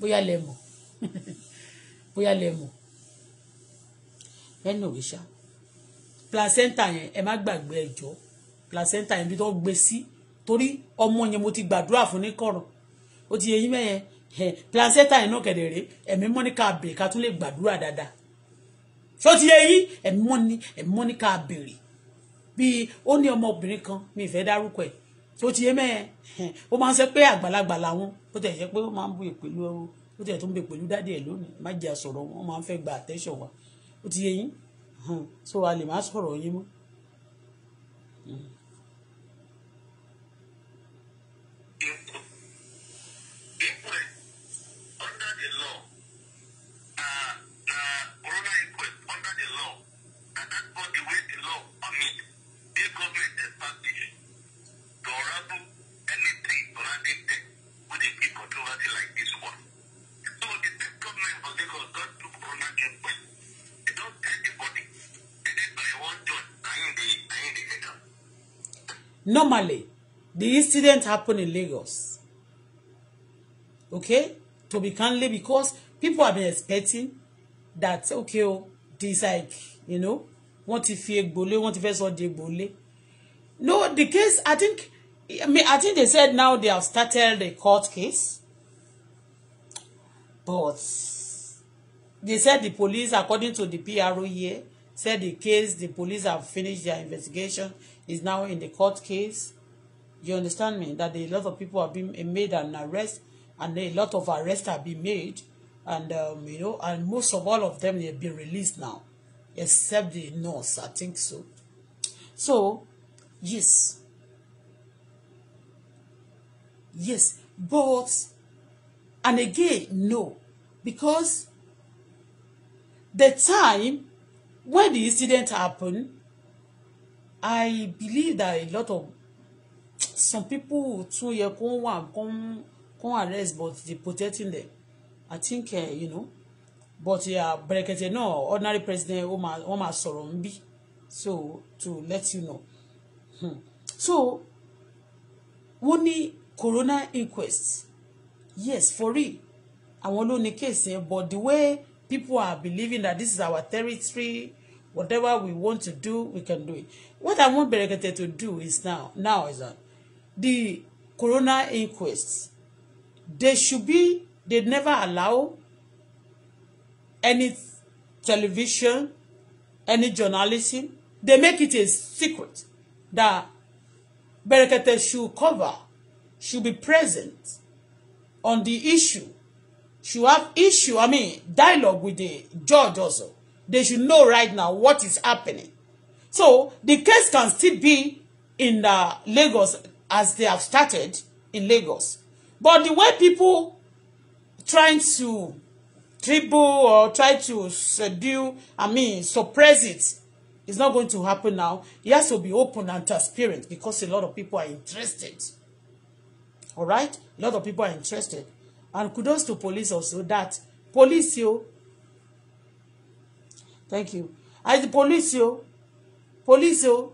bóyá lẹ mọ̀ bóyá lẹ mọ̀ ẹnu òwe ṣá placenta yẹn ẹ má gbàgbé ẹjọ́ placenta yẹn bí tó gbé sí torí ọmọ yẹn mo ti gbàdúrà fún ní kọ̀rọ̀ ó ti yẹ yín mẹ́yẹn placenta yẹn náà kẹ̀dẹ̀ rèé ẹ̀mí mọ́ ní ká bèè ká tún lè gbàdúrà dáadáa So ti yẹ yín ẹ̀mí mọ́ ni ẹ̀mí mọ́ ni ká béèrè bíi ó ní ọmọbìnrin kan mi ìfẹ́ dárúkọ ẹ̀ ṣó ti yẹ mẹ́ẹ̀ ó máa ń sẹ́ pé àgbàlagbà làwọn ó tẹ̀ ṣe pé ó máa ń bú ìpèlú ó tẹ̀ tó ń bẹ pẹ̀lú dáàdì ẹ̀ lónìí má jẹ́ sọ̀rọ̀ wọn ó máa ń fẹ́ gba attention wa ó ti yẹ yín so a lè má sọ̀rọ̀ yín mọ́ Normally, the incident happened in Lagos. Okay? To be kindly because people have been expecting that, okay, oh, this like, you know, wọ́n ti fi egbò lé, wọ́n ti fẹ́ sọ di egbò No, the case, I think, I mean, I think they said now they have started the court case. But they said the police, according to the PRO here, said the case, the police have finished their investigation is now in the court case. You understand me? That a lot of people have been made an arrest, and a lot of arrests have been made, and um, you know, and most of all of them they've been released now, except the nurse, I think so. So, yes, yes, but and again, no, because the time when the incident happened, I believe that a lot of some people too yẹ kó wà kán kán arrest but they protecting them I think uh, you know but yeah, Brekete náà ordinary president wọ́n máa sọ̀rọ̀ ń bí so to let you know hmm. so wọ́n ní coroner inquest yes for real àwọn ló ní case yẹn but the way people are believing that this is our territory Whatever we want to do, we can do it. What I want Berekete to do is now, now is that the corona inquest, they should be, they never allow any television, any journalism. They make it a secret that Berekete should cover, should be present on the issue, should have issue, I mean, dialogue with the judge also. They should know right now what is happening. So the case can still be in uh, Lagos as they have started in Lagos. But the way people trying to dribble or try to seduce, I mean, suppress it, it's not going to happen now. It has to be open and transparent because a lot of people are interested. All right? A lot of people are interested. And kudos to police also that police, you thank you as the police o police o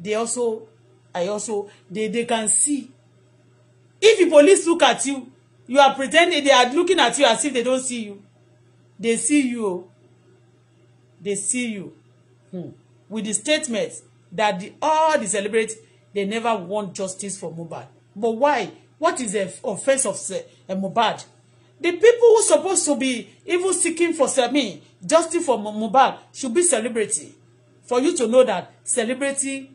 they also i also they they can see if the police look at you you are pretending they are looking at you as if they don't see you they see you o oh. they see you hmm. with the statement that the all the celebrate they never want justice for Mohbad but why what is the offence of uh, Mohbad The people who supposed to be even seeking for me, justice for Mohbad should be celebrity. For you to know that celebrity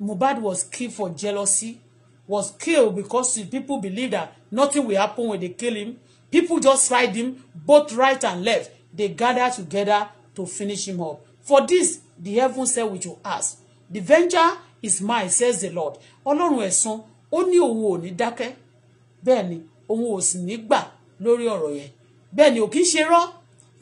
Mohbad was killed for jealousy, was killed because people believe that nothing will happen when they kill him. People just fight him, both right and left. They gather together to finish him up. For this, the heaven said we should ask. The venture is mine, says the Lord. Ọlọ́run ẹ̀san, ó ní òun ò ní dákẹ́. Bẹ́ẹ̀ ni, òun ò sì ní gbà lórí ọ̀rọ̀ yẹn bẹ́ẹ̀ ni ò kì í ṣe rọ́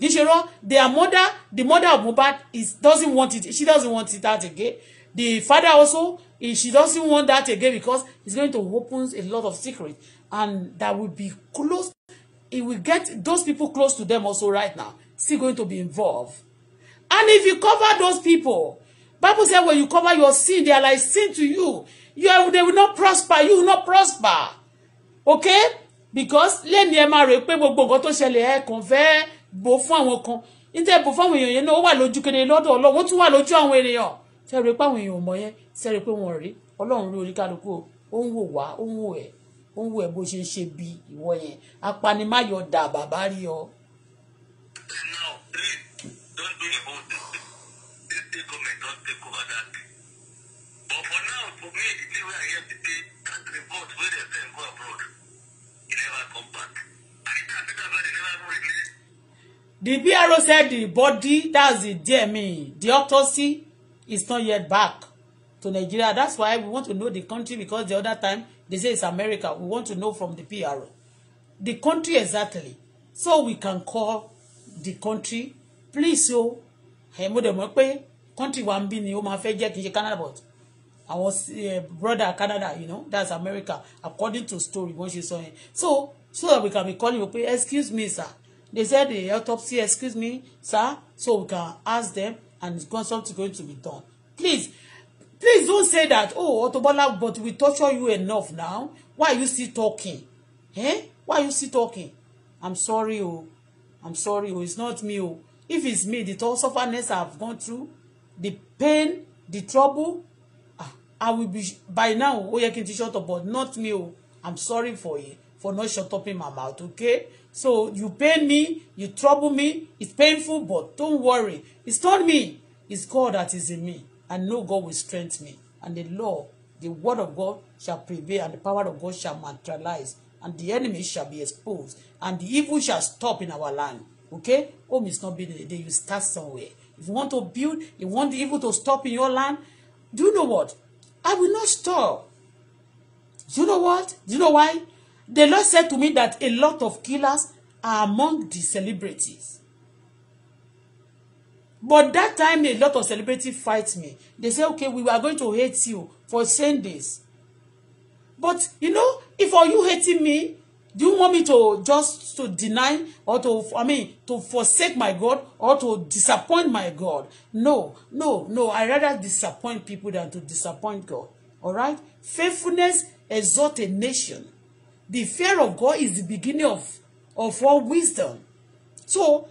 kì í ṣe rọ́ their mother the mother of Mohbad is doesn't want it she doesn't want it out again the father also she doesn't want that again because it's going to open a lot of secrets and that will be close it will get those people close to them also right now still going to be involved and if you cover those people Bible said when you cover your sin they are like sin to you you they will not prosper you will not prosper okay because lẹ́ni ẹ máa rò pé gbogbo nǹkan tó ṣẹlẹ̀ ẹ kàn fẹ́ bò fún àwọn kan níta bò fún àwọn èèyàn yẹn náà ó wà lójú kedere lọ́dọ̀ ọlọ́run ó tún wà lójú àwọn ènìyàn tẹ́ rò pé àwọn èèyàn mọ̀ yẹn tẹ́ rò pé wọ́n rí ọlọ́run rí oníkálukú ó ń wò wá ó ń wò ẹ́ ó ń wò ẹ́ bó ṣe ń ṣe bí ìwọ yẹn apanimáyọ̀ dà bàbá rí ọ. But for now, for me, the thing where I hear today, that revolt where they say go abroad, The BRO said the body, that's the DME, the autopsy is not yet back to Nigeria. That's why we want to know the country because the other time they say it's America. We want to know from the PRO. The country exactly. So we can call the country. Please, so, oh, country wa ń ni ó máa fẹ́ jẹ́ kì í Canada but àwọn eh, brother Canada you know that's America according to story wọ́n ṣe sọ yẹn so so that we can be calling you pé excuse me sir they said the autopsy excuse me sir so we can ask them and something going to be done please please don't say that oh Auto but we torture you enough now why you still talking eh why you still talking i'm sorry o oh. i'm sorry o oh. it's not me o oh. if it's me the tough sufferness i've gone through the pain the trouble I will be by now ó yẹ kí n ti shut up but not me o I'm sorry for you for not shut up in my mouth okay so you pain me you trouble me it's painful but don't worry it's not me it's God that is in me and no God will strengthen me and the law the word of God shall prevail and the power of God shall materialize and the enemy shall be exposed and the evil shall stop in our land okay home is not built the day you start somewhere if you want to build you want the evil to stop in your land do you know what I will not stop. Do you know what? Do you know why? The Lord said to me that a lot of killers are among the celebrities. But that time, a lot of celebrities fight me. They say, okay, we are going to hate you for saying this. But, you know, if are you hating me, do you want me to just to deny or to i mean to forsake my god or to disappoint my god no no no i rather disappoint people than to disappoint god all right faithfulness exalt a nation the fear of god is the beginning of of all wisdom so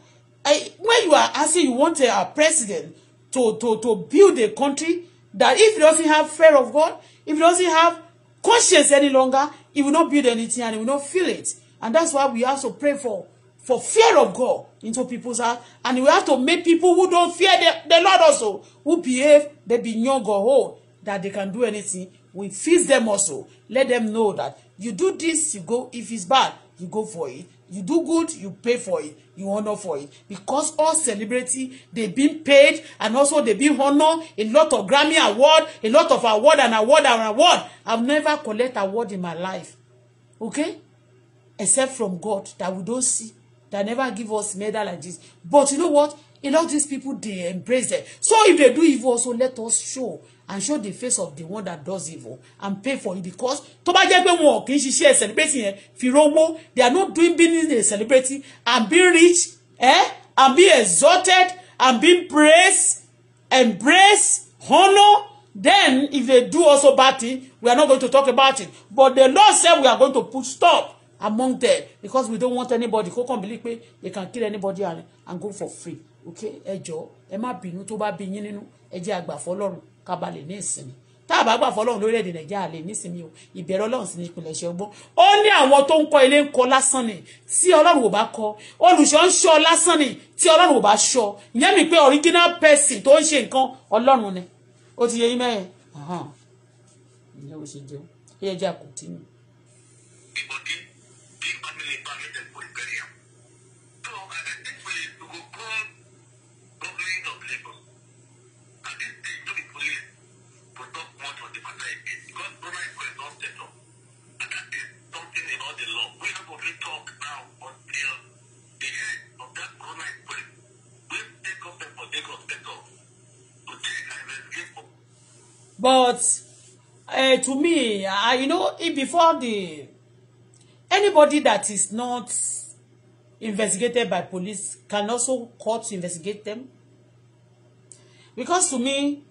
I, when you are asking you want a, a president to to to build a country that if he doesn't have fear of god if he doesn't have conscience any longer It will not build anything and it will not feel it. And that's why we have to pray for for fear of God into people's heart. And we have to make people who don't fear the, the Lord also, who behave, they be young or old, that they can do anything. We fix them also. Let them know that you do this, you go, if it's bad, you go for it you do good you pay for it you honor for it because all celebrity dey been paid and also dey been honor a lot of Grammy award a lot of award and award and award I've never collect award in my life okay except from God that we don see that never give us medal like this but you know what a lot of these people dey embrace them so if they do evil also let us show and show the face of the one that does evil and pay for it because tó bá jẹ́ pé wọn ò kì í ṣiṣẹ́ celebrity yẹn fi rówó they are not doing business in celebrity and be rich eh? and be exalted and be praised embraced honor then if they do also bad thing we are not going to talk about it but the Lord say we are going to put stop among them because we don't want anybody kó kàn believe pé they can kill anybody and, and go for free okay ẹ jọ̀ọ́ ẹ má bínú tó bá bí yín nínú ẹ jẹ́ àgbà fọ́lọ́run ká ba lè ní ìsinmi tá a bá gbà fọlọ́run lórílẹ̀‐èdè nàìjíríà lè nísinmi o ìbẹ̀rẹ̀ ọlọ́run sì ni ìpìlẹ̀ ṣe ọgbọ́n ó ní àwọn tó ń kọ́ ilé ń kọ́ lásán ni tí ọlọ́run ò bá kọ́ olùṣọ́ ń ṣọ́ lásán ni tí ọlọ́run ò bá ṣọ́ ìyẹn mi pé original person tó ń ṣe nǹkan ọlọ́run ni ó ti yẹ yín mẹ́rin ìyẹn ò ṣe jẹun ó yẹ jẹ́ àkùntì ni. ìbòdì But uh, to me, I, you know, before the anybody that is not investigated by police can also court to investigate them. Because to me,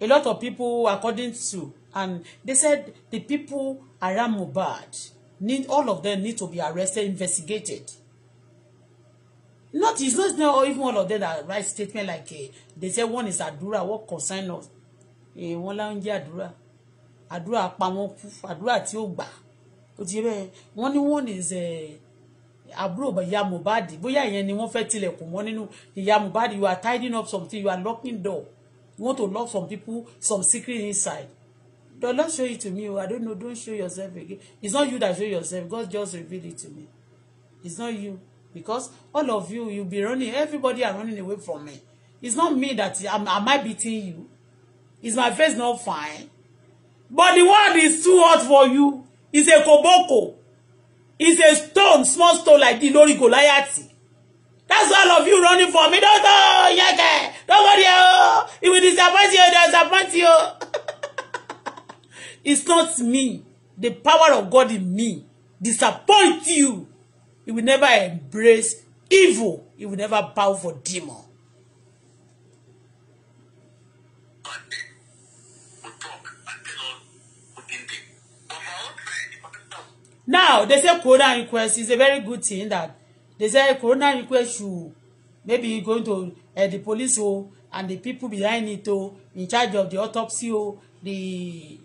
a lot of people, according to, and they said the people around Mohbad need all of them need to be arrested, investigated. Not it's not even all of them that write statement like uh, they say one is Adura, what concern us. Eh, wọ́n láwọn jẹ́ àdúrà àdúrà pa wọ́n kú àdúrà tí ó gbà ó ti bẹ́ẹ̀ wọ́n ní wọ́n ní ṣe àbúrò ìyá Mohbad bóyá ìyẹn ni wọ́n fẹ́ tilẹ̀kùn mọ́ nínú ìyá Mohbad you are tidying up something you are locking door you want to lock some people some secret inside the Lord show it to me o I don't know don't show yourself again it's not you that show yourself God just reveal it to me it's not you because all of you you be running everybody are running away from me it's not me that I am I beating you Is my face not fine? But the world is too hot for you. It's a koboko. It's a stone, small stone like the lórí Goliati. That's all of you running for me. Don't go, oh, yeke. Don't go there. It will disappoint you. It will disappoint you. It's not me. The power of God in me disappoint you. You will never embrace evil. You will never bow for demon. now they say corona request is a very good thing that they say corona request should maybe going to uh, the police o and the people behind it oh in charge of the autopsy o the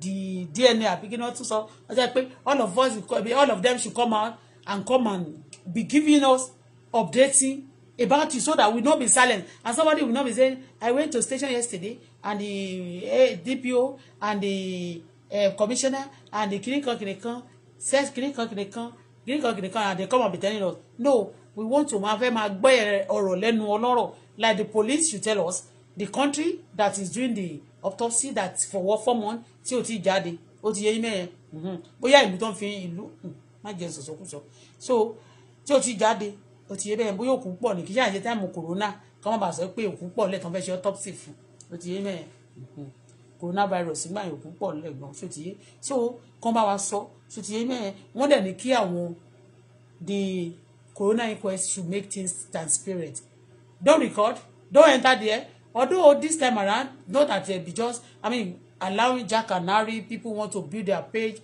the DNA abigina tún sọ ọ sọ pé all of us all of them should come out and come and be giving us updating about it so that we no be silent and somebody will not be saying I went to station yesterday and the eh, DPO and the eh, commissioner and the kirikan kirikan sex kìnìkan kìnìkan kìnìkan kìnìkan and they come and be telling us no we want to máa fẹ́ máa gbẹ́ ọ̀rọ̀ lẹ́nu ọlọ́rọ̀ like the police should tell us the country that is doing the autopsy that for what four months tí o ti jáde o ti yẹ yín mẹ́yẹn mm-hmm. bóyá ìlú tó ń fi ìlú mm, má jẹ sọ̀sọ̀kùsọ̀ so tí o ti jáde o ti yẹ bẹ́ẹ̀ bóyá òkú pọ̀ ní kí yáa ṣe táìmù corona, kí wọ́n bá sọ pé òkú pọ̀ lẹ́tọ̀ọ́ fẹ́ ṣe autopsy fún o ti yẹ mẹ́yẹn coronavirus gbà yẹn òkú pọ̀ lẹ́gbọ̀n tó ti so kán bá wa sọ tó ti yé mẹ́ẹ̀ wọ́n dẹ̀ ní kí àwọn the corona inquest should make things transparent don't record don't enter there although this time around not that they be just i mean allowing jack and harry people want to build their page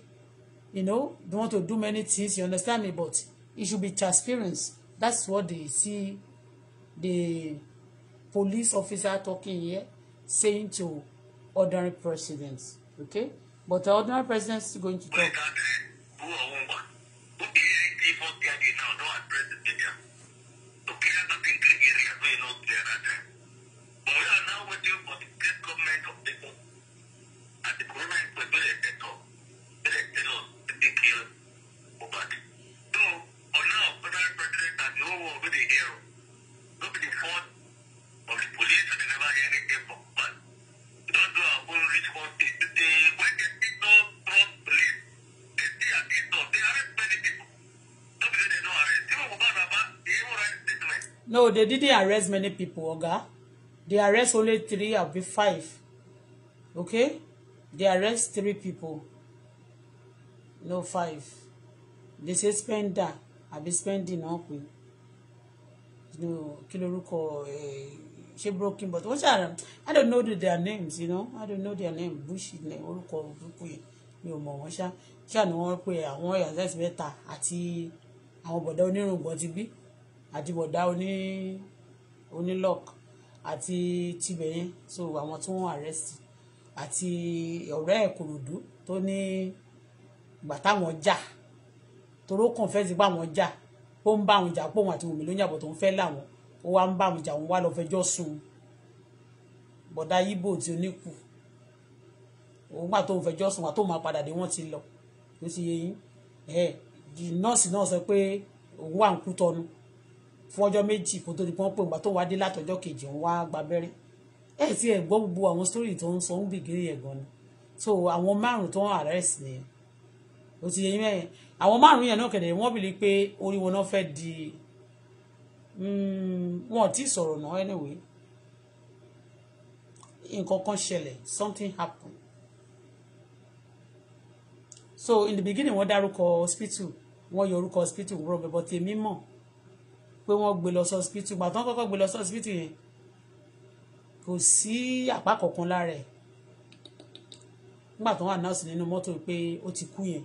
you know they want to do many things you understand me but it should be transparent that's what they see the police officer talking here saying to ordinary presidents, okay but the ordinary presidents is going to talk. We are of the police, and never hear anything from. But lọ́dọ̀ àwọn responsibility tètè wẹ́kẹ̀ tí no tètè àti ìtọ̀ they arrest many people no be say they no arrest even Mohbad baba he even no they didn't arrest many people oga they arrest only three abi five okay they arrest three people no five they say spender abi spending na pe no kí lorúkọ ẹ. Eh, ṣe broken but wọ́n ṣàrà I don't know their names you know I don't know their name bush ilẹ̀ orúkọ burúkú yẹn mi ò mọ̀ wọ́n ṣá ṣá ni wọ́n pe àwọn ẹ̀yàsẹ́sì mẹ́ta àti àwọn bọ̀dá onírùngbọ̀n ti bí àti bọ̀dá oní onílọ́ọ̀k àti tibẹ̀ yẹn so àwọn tí wọ́n arrest àti ọ̀rẹ́ ẹ̀kòròdú tó ní ìgbà táwọn jà toró confess bá wọn jà ó ń bá wọn jà pọ̀ wọn àti wòmí ló ń yàbọ̀ tó ń fẹ́ láwọn ó wá ń bá mi jà òun wá lọ fẹjọ́ sùn bọ̀dá yíbò tí oníkù òun gbà tó ń fẹjọ́ sùn wá tó máa padà dé wọ́n ti lọ ló ti yẹ yín ẹ nọ́ọ̀sì náà sọ pé òun wà ń kú tọnu fún ọjọ́ méjì kó tó di pọ́n pé òun gbà tó wá dé látọjọ́ kejì òun wá gba abẹ́rẹ́ ẹ ti ẹ̀ gbọ́ gbogbo àwọn sítórì tó ń sọ ń bìgírí ẹ̀ gan ni so àwọn márùn-ún tó ń arrest nìyẹn ló ti yẹ yín mẹ́yẹn àwọn márùn-ún yẹn náà kẹ̀dẹ̀ wọ́n bìlí pé orí wọn náà fẹ́ di wọn ò tí ì sọ̀rọ̀ náà anyway nǹkan kan ṣẹlẹ̀ something happen so in the beginning wọ́n dárúkọ hospital wọ́n yọ orúkọ hospital wúrọ̀ bẹ́ẹ̀ bọ́ tèmi mọ̀ pé wọ́n gbé lọ sí hospital gbàtọ́ kọ́kọ́ gbé lọ sí hospital yẹn kò sí àpá kankan lára ẹ̀ nígbà tó wà nọ́ọ̀sì nínú mọ́tò pé ó ti kú yẹn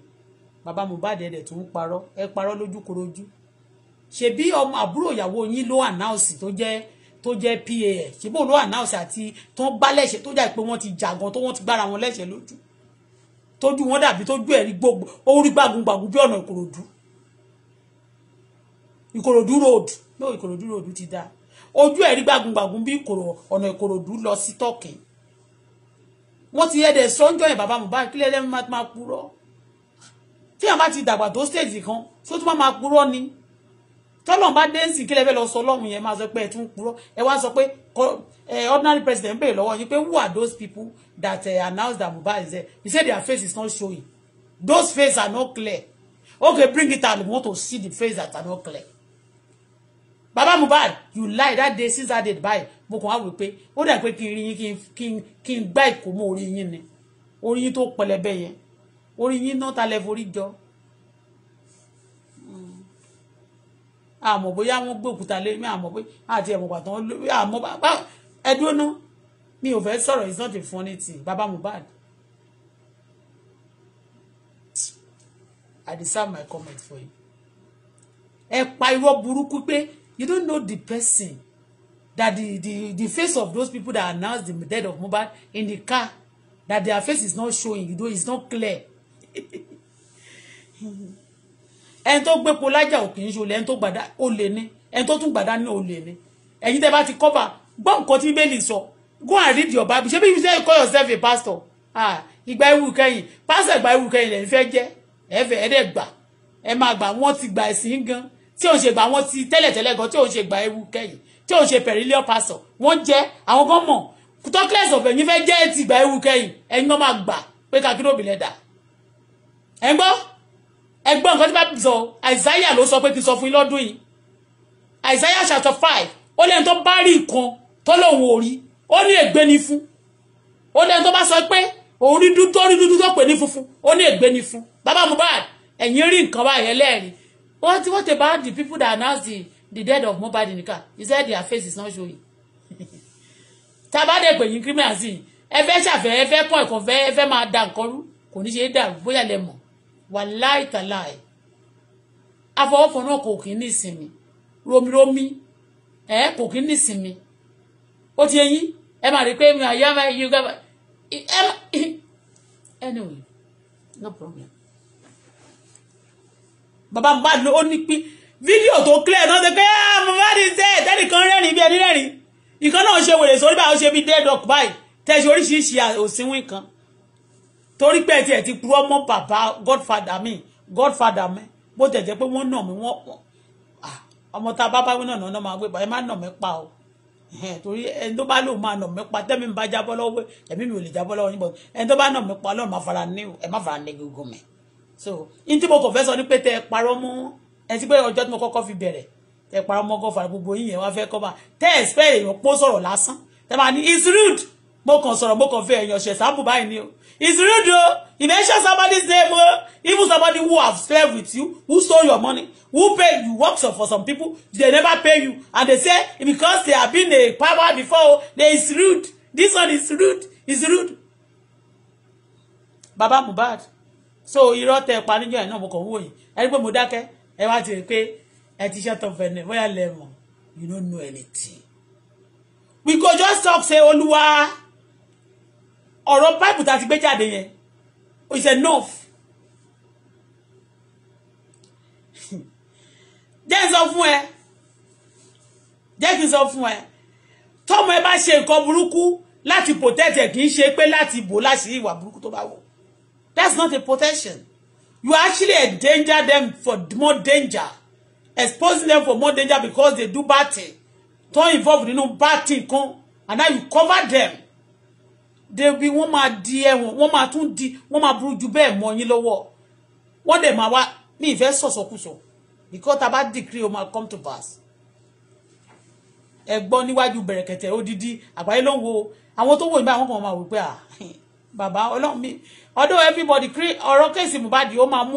bàbá Mohbad ẹ̀dẹ̀ tó ń parọ́ ẹ parọ́ lójúkorojú ṣebí ọmọ àbúrò ìyàwó yín ló ànáùsì tó jẹ́ tó jẹ́ PAS ṣebí òun ló ànáùsì àti tó ń gbá lẹ́sẹ̀ tó jà pé wọ́n ti jà gan tó wọ́n ti gbára wọn lẹ́sẹ̀ lójú tójú wọn dàbí tójú ẹ̀rí gbogbo ó rí gbàgùngbàgùn bí ọ̀nà Ìkòròdú Ìkòròdú road no Ìkòròdú road ti dáa ojú ẹ̀rí gbàgùngbàgùn bí ọ̀nà Ìkòròdú lọ sí tọ́kì wọ́n ti ẹ̀dẹ̀ sọ́njọ́ yẹn bàbá Mohbad kílẹ̀ lẹ́nu máa kúrọ́ tí àwọn bá ti dàgbà tó stage kan tó tún máa kúrọ́ ni tọ́lọ̀ bá dé sí kílẹ̀ fẹ́ lọ sọ ọlọ́run yẹn máa sọ pé ẹ tún purọ́ ẹ wá sọ pé ordinary president béèrè lọ́wọ́ yín pé who are those people that uh, announced that Mohbad is there he said their face is not showing those faces are not clear okay bring it out we want to see the face that are not clear baba Mohbad you lie that day since that day bye mo kàn wá wí pé ó dà pé kí n rí yín kí n gbá ìkómọ orí yín ni orí yín tó pẹlẹbẹ yẹn orí yín náà ta lẹ jọ. àmọ́ bóyá wọ́n gbé òkúta lé mi àmọ́ pé àti ẹ̀mọ̀ pàtó wọn lórí àmọ́ bá ẹdúró mi ò fẹ́ sọ̀rọ̀ it's not a funny thing bàbá Mohbad I deserve my comment for you ẹ pa irọ́ burúkú pé you don't know the person that the the the face of those people that announced the death of Mohbad in the car that their face is not showing you know it's not clear. ẹni tó gbépo lájà ò kì í ṣolè ẹni tó gbàdá olè ni ẹni tó tún gbàdá ní olè ni ẹ̀yin tẹ́ bá ti kọ́fà gbọ́ nǹkan tí bẹ́ẹ̀lì sọ go and read your bible ṣé bí you say call yourself a pastor ah ìgbà ewu kẹyìn pásítọ̀ ìgbà ewu kẹyìn lẹ́yìn fẹ́ jẹ́ ẹ̀fẹ̀ ẹ̀dẹ̀ gbà ẹ máa gbà wọ́n ti gbà ẹ̀sìn gan tí òun ṣe gbà wọ́n ti tẹ́lẹ̀tẹ́lẹ̀ gan tí òun ṣe gbà ewu kẹyìn tí òun ṣe perilous pastor wọ́n jẹ́ àwọn kan mọ̀ tọ́kílẹ̀sì ọ̀fẹ́ yín fẹ́ jẹ́ ti gbà ewu kẹyìn ẹ̀yin kan máa gbà pé kakíròbì lẹ́dà ẹ̀ ń gbọ́ ẹgbọ́n nǹkan tí bá sọ àìsáyà ló sọ pé kí sọ fún yín yìí àìsáyà chapter five ó lẹ́nu tó bá rí nǹkan tó lòun ò rí ó ní ègbé ni fún ó lẹ́nu tó bá sọ pé òun rí dúdú rí dúdú tó pè ní funfun ó ní ègbé ni fún bàbá Mohbad ẹ̀yìn rí nǹkan báyẹn lẹ́ẹ̀rin what what about the people that announce the the death of Mohbad car? he said their face is not showing tabade pè yín criminal sí ẹ fẹ́ ṣàfẹ́ ẹ fẹ́ kọ́ ẹ̀kọ́ fẹ́ ẹ fẹ́ máa da nǹkan rú kò ní ṣe é dàrú bóyá lẹ wàláì tàláì afọwọ́fọ náà kò kí ní ìsinmi romiromi ẹ kò kí ní ìsinmi ó ti eyín ẹ máa rí pé mi àyà máa yí gbà ẹ anyway no problem. bàbá mi bá lo ó ní pín fídíò tó clear náà ṣe pé ah, mo bá ti ṣe ẹ̀tẹ́nìkan rẹ́rìn bí ẹni rẹ́rìn ìkan náà ṣe wèrè sórí báyìí ó ṣe bí dead dog báyìí tẹ̀ ṣe oríṣiríṣi òsínwìn kan torí pé ẹtì ẹtì purọ́ mọ́ bàbá godfather mi godfather mi bó tẹ̀ jẹ́ pé wọ́n nà mí wọ́n pọ̀ ọmọ tá a bá bá wí náà náà máa gbé bàbá ẹ má nà mí pa o torí ẹni tó bá lòun máa nà mí pa tẹ́mi bá jábọ́ lọ́wọ́ ẹ̀mí mi ò lè jábọ́ lọ́wọ́ yín bọ̀ ẹni tó bá nà mí pa ọlọ́run má fara ní ẹ má fara ní gbogbo mi so n tí mo kàn fẹ́ sọ ni pé tẹ ẹ parọ́ mú ẹ ti pé ọjọ́ tí mo kọ́kọ́ fi bẹ̀rẹ̀ tẹ ẹ parọ́ mọ́ gọ́fà gbogbo yín yẹn wá fẹ́ kọ́ bá tẹ ẹ spẹ́ pọ́ sọ̀rọ̀ lásán tẹ máa ní is rude mo kàn sọ̀rọ̀ mo kàn fẹ́ ẹ̀yàn ṣẹ̀ sáàbù báyìí ni o it's rude o you mention somebody's name o even somebody who have slept with you who stole your money who pay you work for some people they never pay you and they say because they have been a power before they is rude this one is rude is rude baba Mohbad so irọ́ tẹ pa níjọ́ ẹ̀ náà mo kàn wúwo yìí ẹni pé mo dákẹ́ ẹ wá ti rí pé ẹ ti ṣètò fẹ̀nẹ̀ bóyá lẹ́mọ̀ you no know anything we go just talk say olúwa. Oh, ọ̀rọ̀ báìbù tá a ti gbé jáde yẹn it's enough. jẹ́ sọ fún ẹ jẹ́ kí n sọ fún ẹ tọ́mọ ẹ bá ṣe nǹkan burúkú láti protect ẹ kì í ṣe pé láti bò láti ìwà burúkú tó bá wọ̀ that's not a protection you actually endanger them for more danger exposing them for more danger because they do bad thing turn involved nínú bad thing kan and now you cover them débi wọ́n máa di ẹ̀wọ̀n wọ́n máa tun di wọ́n máa burú ju Mo mọ́ yín lọ́wọ́ wọ́n dẹ̀ máa wá ní ìfẹ́ kuso. because tá a bá decree o máa come to pass ẹ̀gbọ́n níwájú bẹ̀rẹ̀kẹ̀tẹ̀ odidi àgbáyé ló ń wo àwọn tó wò ní báyìí wọ́n kàn máa wò pé ah bàbá ọlọ́run mi although everybody create ọ̀rọ̀ kéèsì Mohbad ó máa mú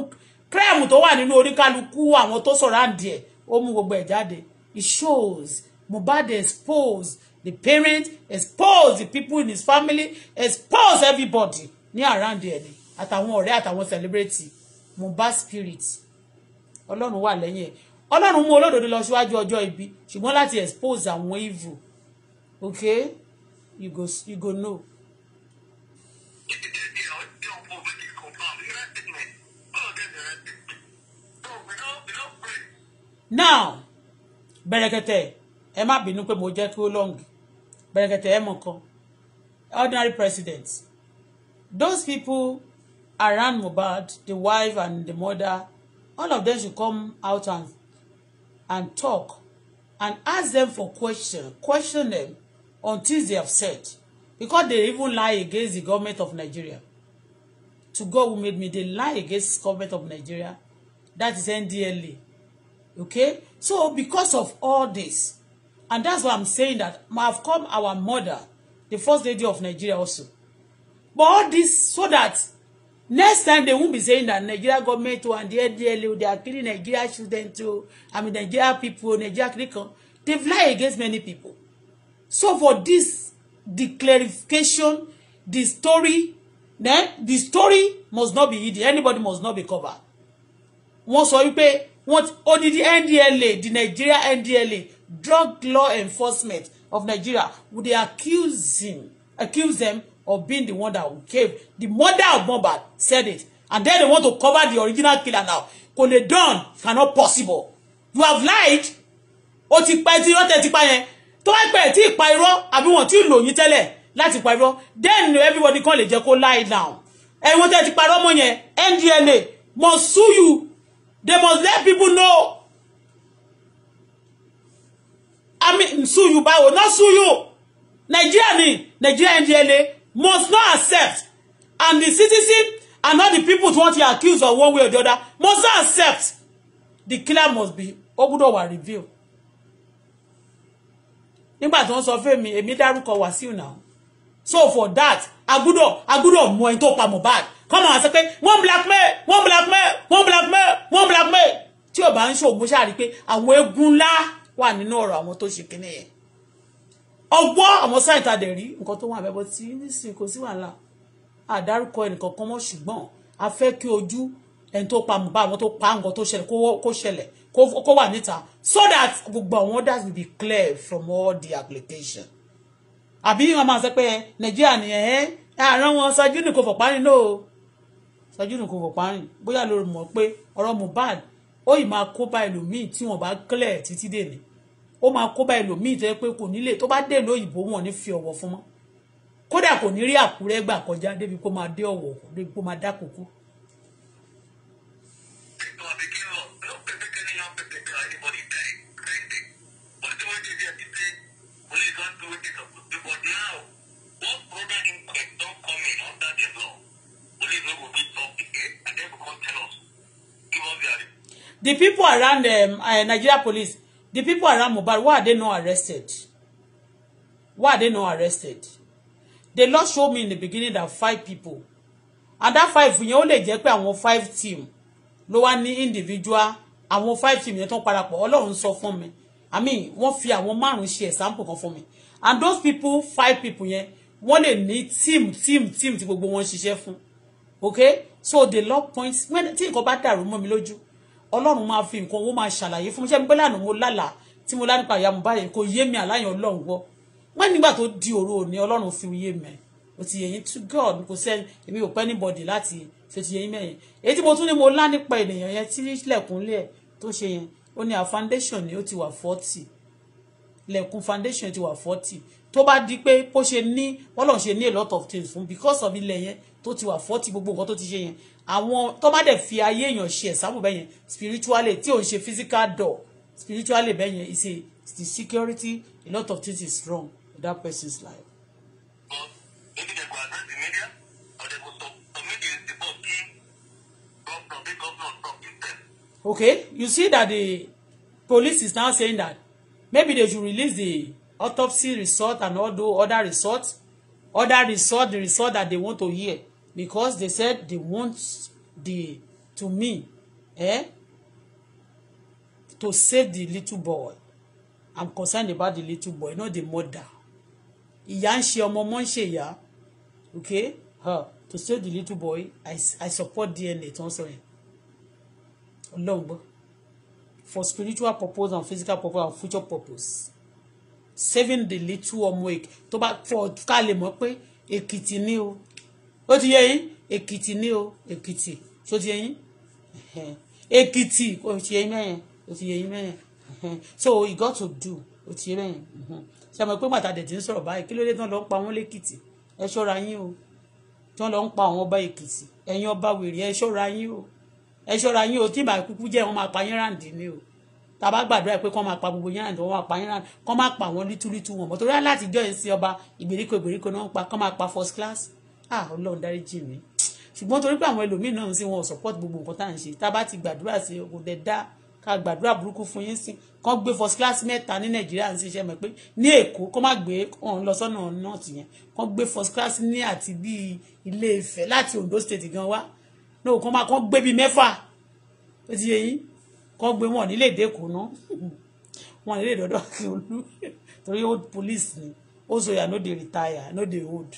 kírẹ́ẹ̀mù tó wà nínú oníkálukú àwọn tó sọ̀rọ̀ àǹdí ẹ̀ ó mú gbogbo ẹ̀ jáde it shows Mohbad expose the parents expose the people in his family expose everybody ní around there ni àtàwọn ọ̀rẹ́ àtàwọn celebrity Mohbad spirit ọlọ́run wà lẹ́yìn ẹ̀ ọlọ́run mú olódodo lọ síwájú ọjọ́ ibi ṣùgbọ́n láti expose àwọn evil okay you go, you go know. now bẹ̀rẹ̀kẹ̀tẹ̀ ẹ má bínú pé mo jẹ́ kí ó lọ́ǹgì bẹ̀rẹ̀kẹ̀tẹ̀ ẹ̀ mọ̀ kan ordinary president those people around Mohbad the wife and the mother all of them should come out and and talk and ask them for question question them until they have said because they even lie against the government of Nigeria to God who made me they lie against the government of Nigeria that is NDLA. okay so because of all this And that's why I'm saying that I've come our mother, the first lady of Nigeria also. But all this so that next time they won't be saying that Nigeria government too and the NDLEO, they are killing Nigeria children too. I mean Nigeria people, Nigeria clicker. They've lied against many people. So for this, the clarification, the story, then the story must not be hidden. Anybody must not be covered. Wọ́n you pay? wọ́n odidi NDLEA, the Nigeria NDLA? drug law enforcement of Nigeria would they accuse him accuse them of being the one that gave the murder of Mohbad said it and then they want to cover the original killer now kò lè done cannot possible you have lied o ti pa ti irọ́ tẹ ti pa yẹn tó wá pẹ̀ tí ìpa irọ́ àbí wọn tí lò yín tẹ́lẹ̀ láti pa irọ́ then everybody kan lè jẹ́ kó lie down ẹ̀wọ̀n tẹ ti pa irọ́ mọ́ yẹn NDLEA must sue you they must let people know I mean, sue you báwo not sue you Nigeria ni Nigeria NDLEA must not accept and the citizen and all the people who want to accuse of one way or the other must not accept the killer must be ó gbọ́dọ̀ reveal nígbà tí wọ́n sọ fún mi èmi dárúkọ Wàsíù náà so for that Agudo, Agudo, mọ ẹni tó pa Mohbad kọ́mọ àwọn sọ pé black man, one black man, one black man, tí ò bá ń ṣògbó ṣáà rí pé àwọn egun ńlá wà nínú ọ̀rọ̀ àwọn tó ṣe kíní yẹn ọwọ́ àwọn sáìtà dẹ̀ rí nǹkan tó wà bẹ́bọ̀ tí nísìnyí kò sí wàhálà àdárúkọ ẹnìkan kan mọ́ ṣùgbọ́n a fẹ́ kí ojú ẹni tó pa Mohbad àwọn tó pa nǹkan tó ṣẹlẹ̀ kó ṣẹlẹ̀ kó wà níta so that gbogbo àwọn that will be clear from all the application àbí wọn máa sọ pé nàìjíríà nìyẹn ẹ àrùn wọn sọjú nìkan fọ̀párìn náà sọjú nìkan fọ̀párìn bóyá ló mọ̀ pé ọ̀rọ̀ Mohbad ó ì máa kó bá ẹlòmíì tí wọ́n bá clear títí dèní ó máa kó bá ẹlòmíì tó yẹ pé kò nílé tó bá dé lóyìnbó wọn ní fi ọ̀wọ̀ fún mọ́ kódà kò ní rí àkúrẹ́ gbà kọjá débi kó máa dé ọ̀wọ̀ débi kó máa dá kókó. The people around um, uh, Nigeria police The people around Mohbad, why are they not arrested? Why are they not arrested? The Lord showed me in the beginning that five people, and that five we ó lè jẹ́ five team no one individual. And àwọn five team yẹn don't ń parapọ̀ Ọlọ́run sọ fún me. I mean wọ́n fi àwọn márùn-ún share. example kan fún mi and those people five people yẹn wọ́n lè ní team team team tí go one share for. okay so the Lord points when think about that. Remember me, mi lójú ọlọ́run máa fi nǹkan owó máa ṣàlàyé fún mi ṣé ń pẹ́ lánàá mo lálà tí mo lánàá pàyà mo báyìí kò yé mi àláyàn ọlọ́run gbọ́ wọ́n nígbà tó di òru òní ọlọ́run fi yé mi ò ti yẹ̀yìn to God kò sẹ́ èmi ò pẹ́ anybody láti ṣe ti yẹ̀yìn mẹ́yìn èyí tí mo tún ní mo lá nípa ènìyàn yẹn tí lẹ̀kúnlẹ̀ tó ṣe yẹn ó ní a foundation ni ó ti wà forty lẹ̀kùn foundation ti wà forty tó bá di pé bó ṣe ní ọlọ́run ṣe ní a lot of things fún because of ilẹ̀ yẹn tó ti wà forty gbogbo nǹkan tó ti ṣe yẹn àwọn tó bá dẹ̀ fi ayé èèyàn ṣe ẹ̀sáàmù bẹ́yẹn spiritually tí ò ń ṣe physical door spiritually bẹ́yẹn is a the security a lot of things is wrong in that person's life. okay you see that the police is now saying that maybe they should release the autopsy result and all those other results other result the result that they want to hear because they said they want the to me eh, to save the little boy I'm concerned about the little boy not the mother ìyá ń ṣe ọmọ ọmọ ń ṣe ìyá okay huh. to save the little boy I, I support DNA tó ń sọ yẹn ọlọ́run gbọ́ for spiritual purpose and physical purpose and future purpose saving the little ọmọ èkìtì tó bá fọ ká lè mọ̀ pé èkìtì ni o ó ti yẹ yín èkìtì ní o èkìtì ṣó ti yẹ yín èkìtì ó ti yẹ yín mẹ́yẹn ó ti yẹ yín mẹ́yẹn so you got to do ó ti yẹ mẹ́yẹn ṣe àmọ́ pé màtàdé ti ń sọ̀rọ̀ báyìí kí ló dé tán lọ ń pa wọ́n lẹ́kìtì ẹ ṣọ́ra yín o tí wọ́n lọ ń pa àwọn ọba èkìtì ẹ̀yin ọba wèrè ẹ ṣọ́ra yín o ẹ ṣọ́ra yín o tí ìbà kúkú jẹ́ wọn máa pa yín ráǹdì ni o tàbá gbàdúrà pé kọ́ máa pa gbogbo yín ráǹdì wọ́n máa pa yín ráǹdì kọ́ máa pa àwọn lítúlítú wọn mọ̀ torí láti jọ ìsìn ọba ìgbèríko ìgbèríko náà ń pa kọ́ máa pa first class ah ọlọ́run dáríjì mi ṣùgbọ́n torí pé àwọn ẹlòmíín náà sí wọn support gbogbo nǹkan tá à ń ṣe tá a bá ti gbàdúrà sí kò dẹ̀ dá ká gbàdúrà burúkú fún yín sí kán gbé first class mẹ́ta ní nàìjíríà ń ṣiṣẹ́ mọ̀ pé ní èkó kán má gbé ọ̀hún lọ sọ́nà náà tì yẹn kán gbé first class ní àti bíi ilé Ifẹ̀ láti Ondo state gan wá náà kán má kán gbé bíi mẹ́fà ó ti yẹ yín kán gbé wọn nílé èdè èkó ná wọn nílé ìdọ́dọ̀ Akíolú torí old police ni ó so yà no dey retire no dey old.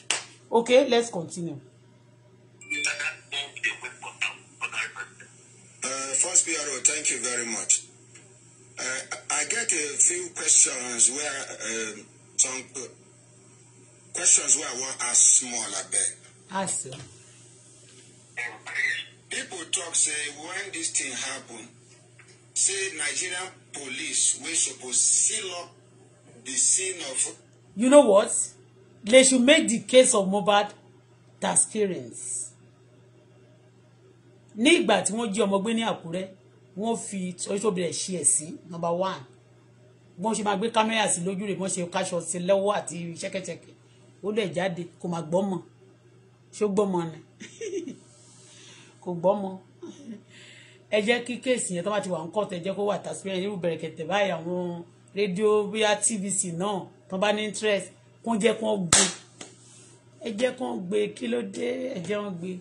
Okay, let's continue. Uh, first PRO, thank you very much. Uh, I get a few questions where um some questions where I want to ask small a bit. Ask. People talk say when this thing happen, say Nigerian police we suppose seal up the scene of. You know what? they should make the case of Mohbad transparent ní ìgbà tí wọ́n jí ọmọ gbé ní Àkúrẹ́ wọ́n fi ọjọ́bìrẹ̀ ṣe ẹ̀ sí number one wọ́n ṣe máa gbé kámẹ́rà sí lójú rẹ̀ wọ́n ṣe káṣọ sí lẹ́wọ́ àti ṣẹ́kẹ́ṣẹkẹ̀ ó lè jáde kò máa gbọ́mọ ṣó gbọ́mọ ni kò gbọ́mọ ẹ jẹ́ kí kéèsì yẹn tó bá ti wà ń kọ́ tẹ jẹ́ kó wà transparent irú bẹ̀rẹ̀ kẹ̀tẹ̀ báyìí àwọn rédíò bíi tvc náà tó bá ní interest kó jẹ́ kó gbé ẹ jẹ́ kó gbé kí ló dé ẹ jẹ́ wọ́n gbé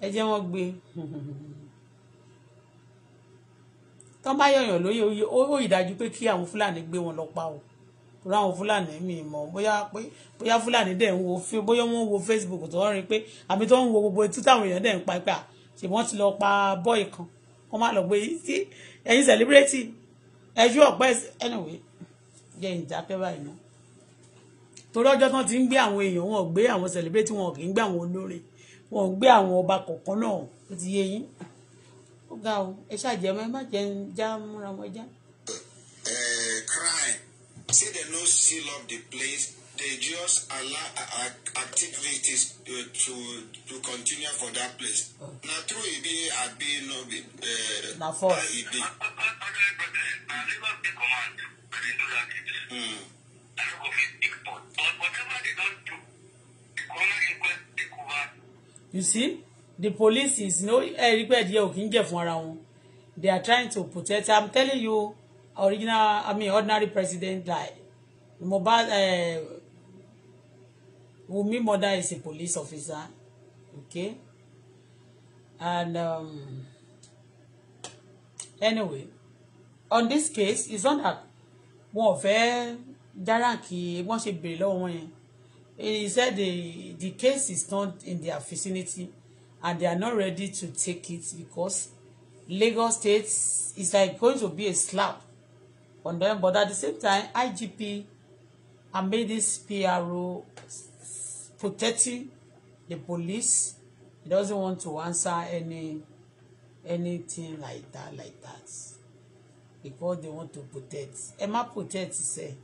ẹ jẹ́ wọ́n gbé tán bá yọ̀yàn lóye ó ìdájú pé kí àwọn fúlàní gbé wọn lọ pa o torí àwọn fúlàní mi mọ̀ bóyá pé bóyá fúlàní dẹ̀ ń wo bóyá wọ́n wo facebook tó ń rí pé àbí tó ń wo gbogbo etí táwọn èèyàn dẹ̀ ń pa pé à ṣe wọ́n ti lọ pa bọ́ọ̀ì kan wọ́n má lọ gbé sí celebrity ẹ̀jú ọ̀pẹ́ anyway jẹ́ ìdákẹ́ báyìí náà torí ọjọ́ tán ti ń gbé àwọn èèyàn wọn gbé àwọn celebrity wọn kì í gbé àwọn olórin wọn gbé àwọn ọba kọ̀ọ̀kan náà ó ti yé yín ó ga o ẹ ṣàjẹmọ ẹ má jẹ ń já múra wọn já. crime say dem no seal up the place they just allow activities to to continue for that place na true e be abi no be. na false. You see, the police is no ẹ̀rí pé ẹ̀díyẹ ò kì í ara wọn. They are trying to protect. I'm telling you, original, I mean, ordinary president died. Mohbad, uh, Wunmi mother is a police officer, okay? And um, anyway, on this case, is not that wọn ò fẹ́ Daranki wọ́n ṣe béèrè lọ́wọ́ wọn yẹn he said the the case is not in their vicinity and they are not ready to take it because Lagos State is like going to be a slap on them but at the same time IGP amid this PRO protecting the police he doesn't want to answer any anything like that like that because they want to protect ẹ má protect Say.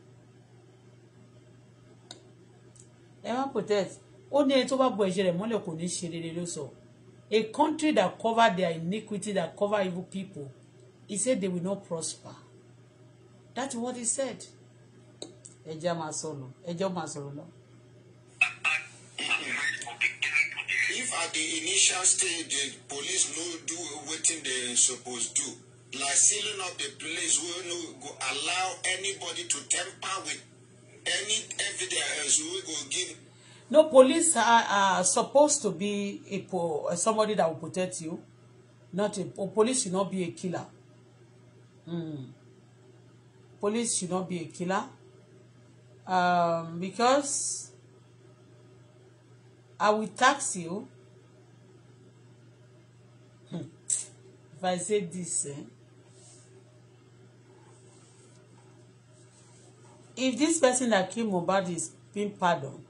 ẹ má protest ó ní ẹni tó bá bo ẹ̀ṣẹ̀ rẹ̀ mọ́lẹ̀ kò ní ṣe rere ló sọ a country that cover their iniquity that cover evil people he said they will not prosper that's what he said ẹjẹ máa sọnù ẹjọ máa sọ̀rọ̀ lọ. if at the initial stage the police no do wetin they suppose do like sealing up the place wey no go allow anybody to tamper with Any evidence we will give. No, police are, are supposed to be a uh, somebody that will protect you. Not a police should not be a killer. Mm. Police should not be a killer. Um, because I will tax you. Hmm. if I say this, eh? if this person that killed Mohbad is being pardoned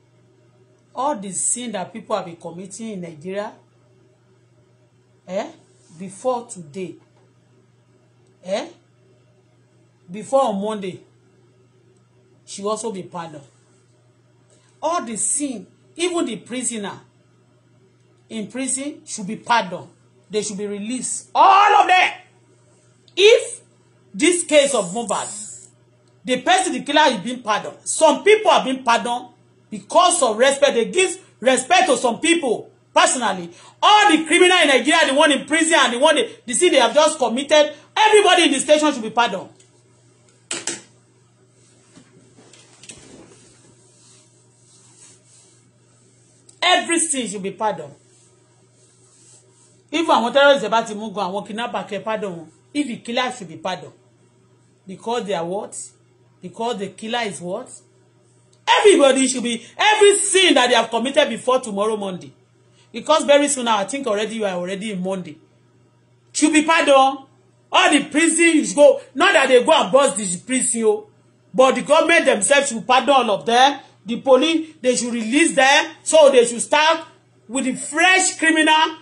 all the sin that people have been committing in Nigeria eh, before today eh, before on Monday she also be pardoned all the sin even the prisoner in prison should be pardoned they should be released all of them if this case of Mohbad the person the killer is being pardoned some people are being pardoned because of respect they give respect to some people personally all the criminal in Nigeria the one in prison and the one they, they see they have just committed everybody in the station should be pardoned Every sin should be pardoned if àwọn terrorists ẹ bá ti mú gan àwọn kidnapper kẹ pardon if the killer should be pardoned because they are what because the killer is what? Everybody should be, every sin that they have committed before tomorrow, Monday. Because very soon now, I think already you are already in Monday. Should be pardon. All the prisons go, not that they go and bust the prison, but the government themselves should pardon all of them. The police, they should release them. So they should start with the fresh criminal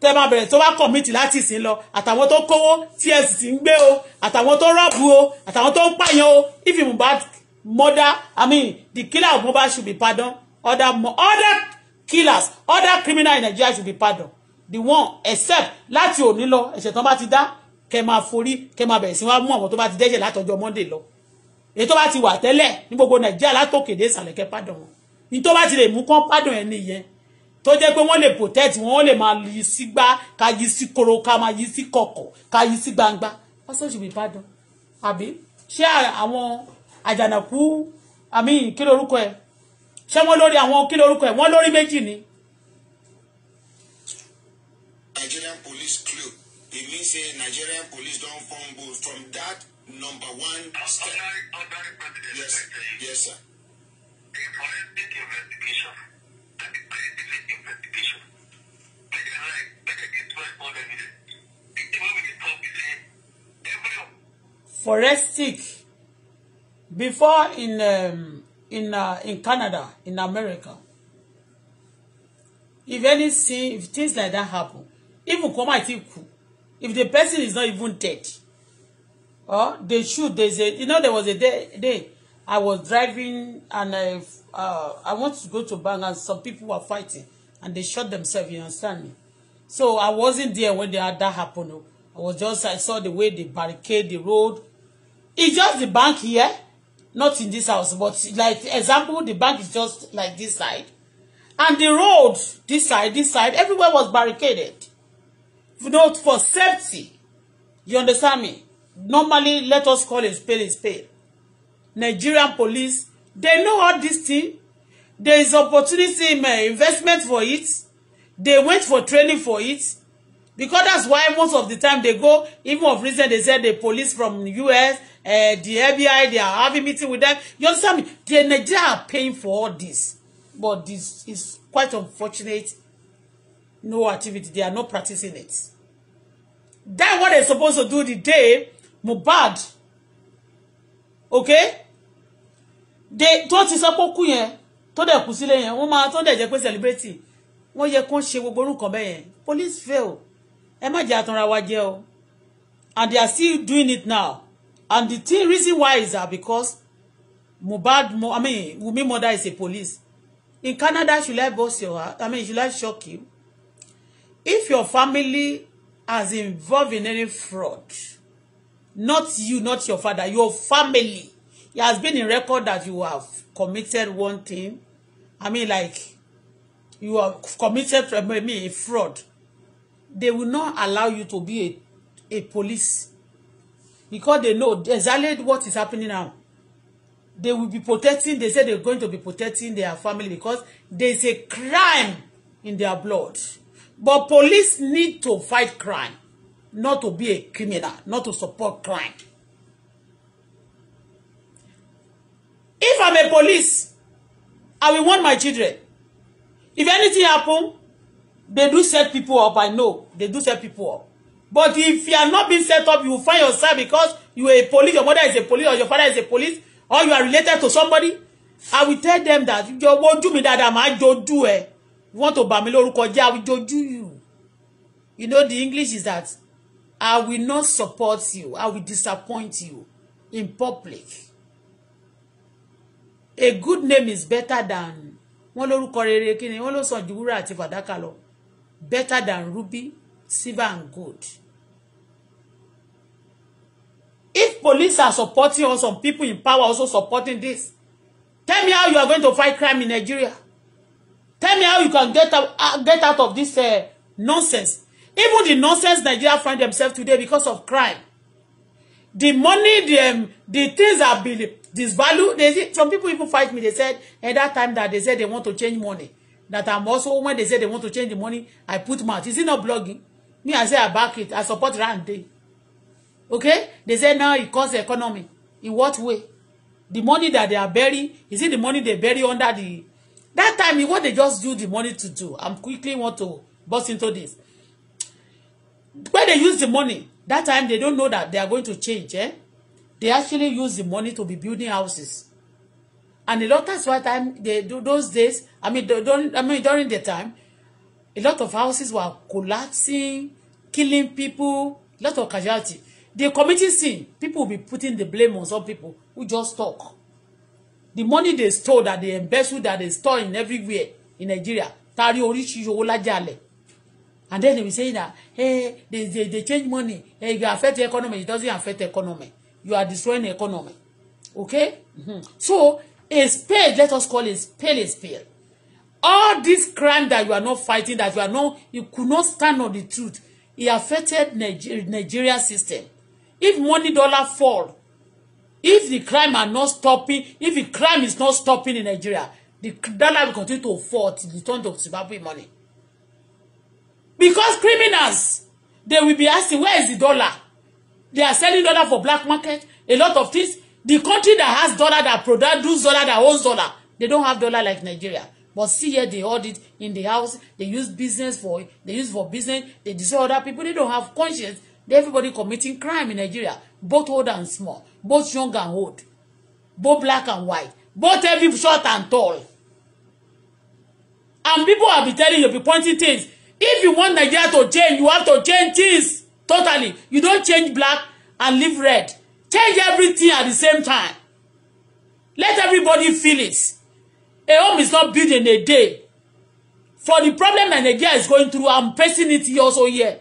tẹ máa bẹ̀rẹ̀ tó wá kọ̀mìtì láti ìsìn lọ àtàwọn tó kówó tí ẹ sì ti ń gbé o àtàwọn tó rọ́ọ̀bù o àtàwọn tó ń pààyàn o if Mohbad murder i mean the killer of Mohbad should be pardon. other other killers other criminal in Nigeria should be pardon. the one except láti òní lọ ẹ̀ṣẹ̀ tán bá ti dá kẹ máa forí kẹ máa bẹ̀rẹ̀ sí wá mú àwọn tó bá ti dẹ́ṣẹ̀ látọjọ́ Monday lọ èyí tó bá ti wà tẹ́lẹ̀ ní gbogbo Nàìjíríà látòkèdè ìsàlẹ̀ kẹ pardon wọn ní tó bá ti lè mú kán pardon ẹni yẹn tó jẹ́ pé wọ́n lè protect wọn wọ́n lè máa yí sí gbá ká yí sí koro ká máa yí sí kọ̀kọ̀ ká yí sí gbangba pásítọ̀ ṣùgbọ́n ìbàdàn àbí ṣé àwọn àjànàkú àmì kí lorúkọ ẹ̀ ṣé wọ́n lórí àwọn kí lorúkọ ẹ̀ wọ́n lórí méjì ni. Nigerian police Club. e mean say Nigerian police don form both from that number one step. Yes, yes sir. A forensic investigation forensic before in um, in uh, in Canada in America if any sin if things like that happen even kò má ti if the person is not even dead or oh, they shoot They a you know there was a day, day I was driving and I uh, I wanted to go to bank and some people were fighting and they shot themselves, you understand me? So I wasn't there when they that, that happened. Oh. I was just, I saw the way they barricade the road. It's just the bank here, not in this house, but like, example, the bank is just like this side. And the road, this side, this side, everywhere was barricaded. Not for safety. You understand me? Normally, let us call it spade a spade. Nigerian police, they know all this thing. There is opportunity in investment for it. They went for training for it. Because that's why most of the time they go, even of reason, they said the police from US, uh, eh, the FBI, they are having meeting with them. You understand me? The Nigeria are paying for all this. But this is quite unfortunate. No activity. They are not practicing it. That's what they're supposed to do the day Mubad. Okay? de tó ti sọ pé ó kú yẹn tó dẹ̀ kú sílé yẹn wọ́n máa tó dẹ̀ jẹ́ pé celebrity wọ́n yẹ kó ń ṣe gbogbo orúkọ bẹ́ẹ̀ yẹn police fail ẹ má jẹ́ àtànra wa jẹ́ o and they are still doing it now and the thing reason why is that because Mohbad mo I mean Wunmi mother is a police in Canada should I boss your I mean should I shock you if your family has involved in any fraud not you not your father your family it has been in record that you have committed one thing i mean like you have committed I mean, a fraud they will not allow you to be a, a police because they know exactly what is happening now they will be protecting they say they're going to be protecting their family because there's a crime in their blood but police need to fight crime not to be a criminal not to support crime If I'm a police, I will warn my children. If anything happen, they do set people up. I know they do set people up. But if you are not being set up, you will find yourself because you are a police, your mother is a police, or your father is a police, or you are related to somebody. I will tell them that you your wojú mi dáadáa máa jojú ẹ. You want to bamilo mí lórúkọ jẹ́, I will jojú you. You know the English is that I will not support you. I will disappoint you in public a good name is better than wọ́n lórúkọ rere kí ni wọ́n ló sàn ju wúrà àti fàdákà lọ better than ruby silver and gold. If police are supporting or some people in power also supporting this, tell me how you are going to fight crime in Nigeria. Tell me how you can get out, uh, get out of this uh, nonsense. Even the nonsense Nigeria find themselves today because of crime. The money, the, um, the things are being disvalue. They see, some people even fight me. They said at that time that they said they want to change money. That I'm also when they said they want to change the money, I put mouth. Is it not blogging? Me, I say I back it. I support day. Okay? They said now it costs the economy. In what way? The money that they are burying, is it the money they bury under the that time what they just do the money to do? I'm quickly want to bust into this. When they use the money, that time they don't know that they are going to change, eh? They actually use the money to be building houses. And a lot of what time they do those days, I mean, don't, I mean during the time, a lot of houses were collapsing, killing people, a lot of casualty. They committing sin. People will be putting the blame on some people who just talk. The money they stole that they embezzled that they store in everywhere in Nigeria. Tari oríṣiríṣi owó lájàlẹ̀. And then they be saying that, hey, they, they, they change money. Hey, it affect the economy. It doesn't affect the economy you are destroying the economy okay mm-hmm. so a spade let us call a spade a spade all this crime that you are not fighting that you are not you could not stand on the truth e affected Nigeria, Nigeria system if money dollar fall if the crime are not stopping if the crime is not stopping in Nigeria the dollar will continue to fall till the turn of Zimbabwe money because criminals they will be asking where is the dollar They are selling dollar for black market. A lot of things. The country that has dollar that produce dollar that owns dollar. They don't have dollar like Nigeria. But see here, they hold it in the house. They use business for they use for business. They destroy other people. They don't have conscience. Everybody committing crime in Nigeria, both old and small, both young and old, both black and white, both heavy, short and tall. And people will be telling you, be pointing things. If you want Nigeria to change, you have to change things. Totally. You don't change black and leave red. Change everything at the same time. Let everybody feel it. A home is not built in a day. For the problem Nigeria is going through, I'm facing it also here.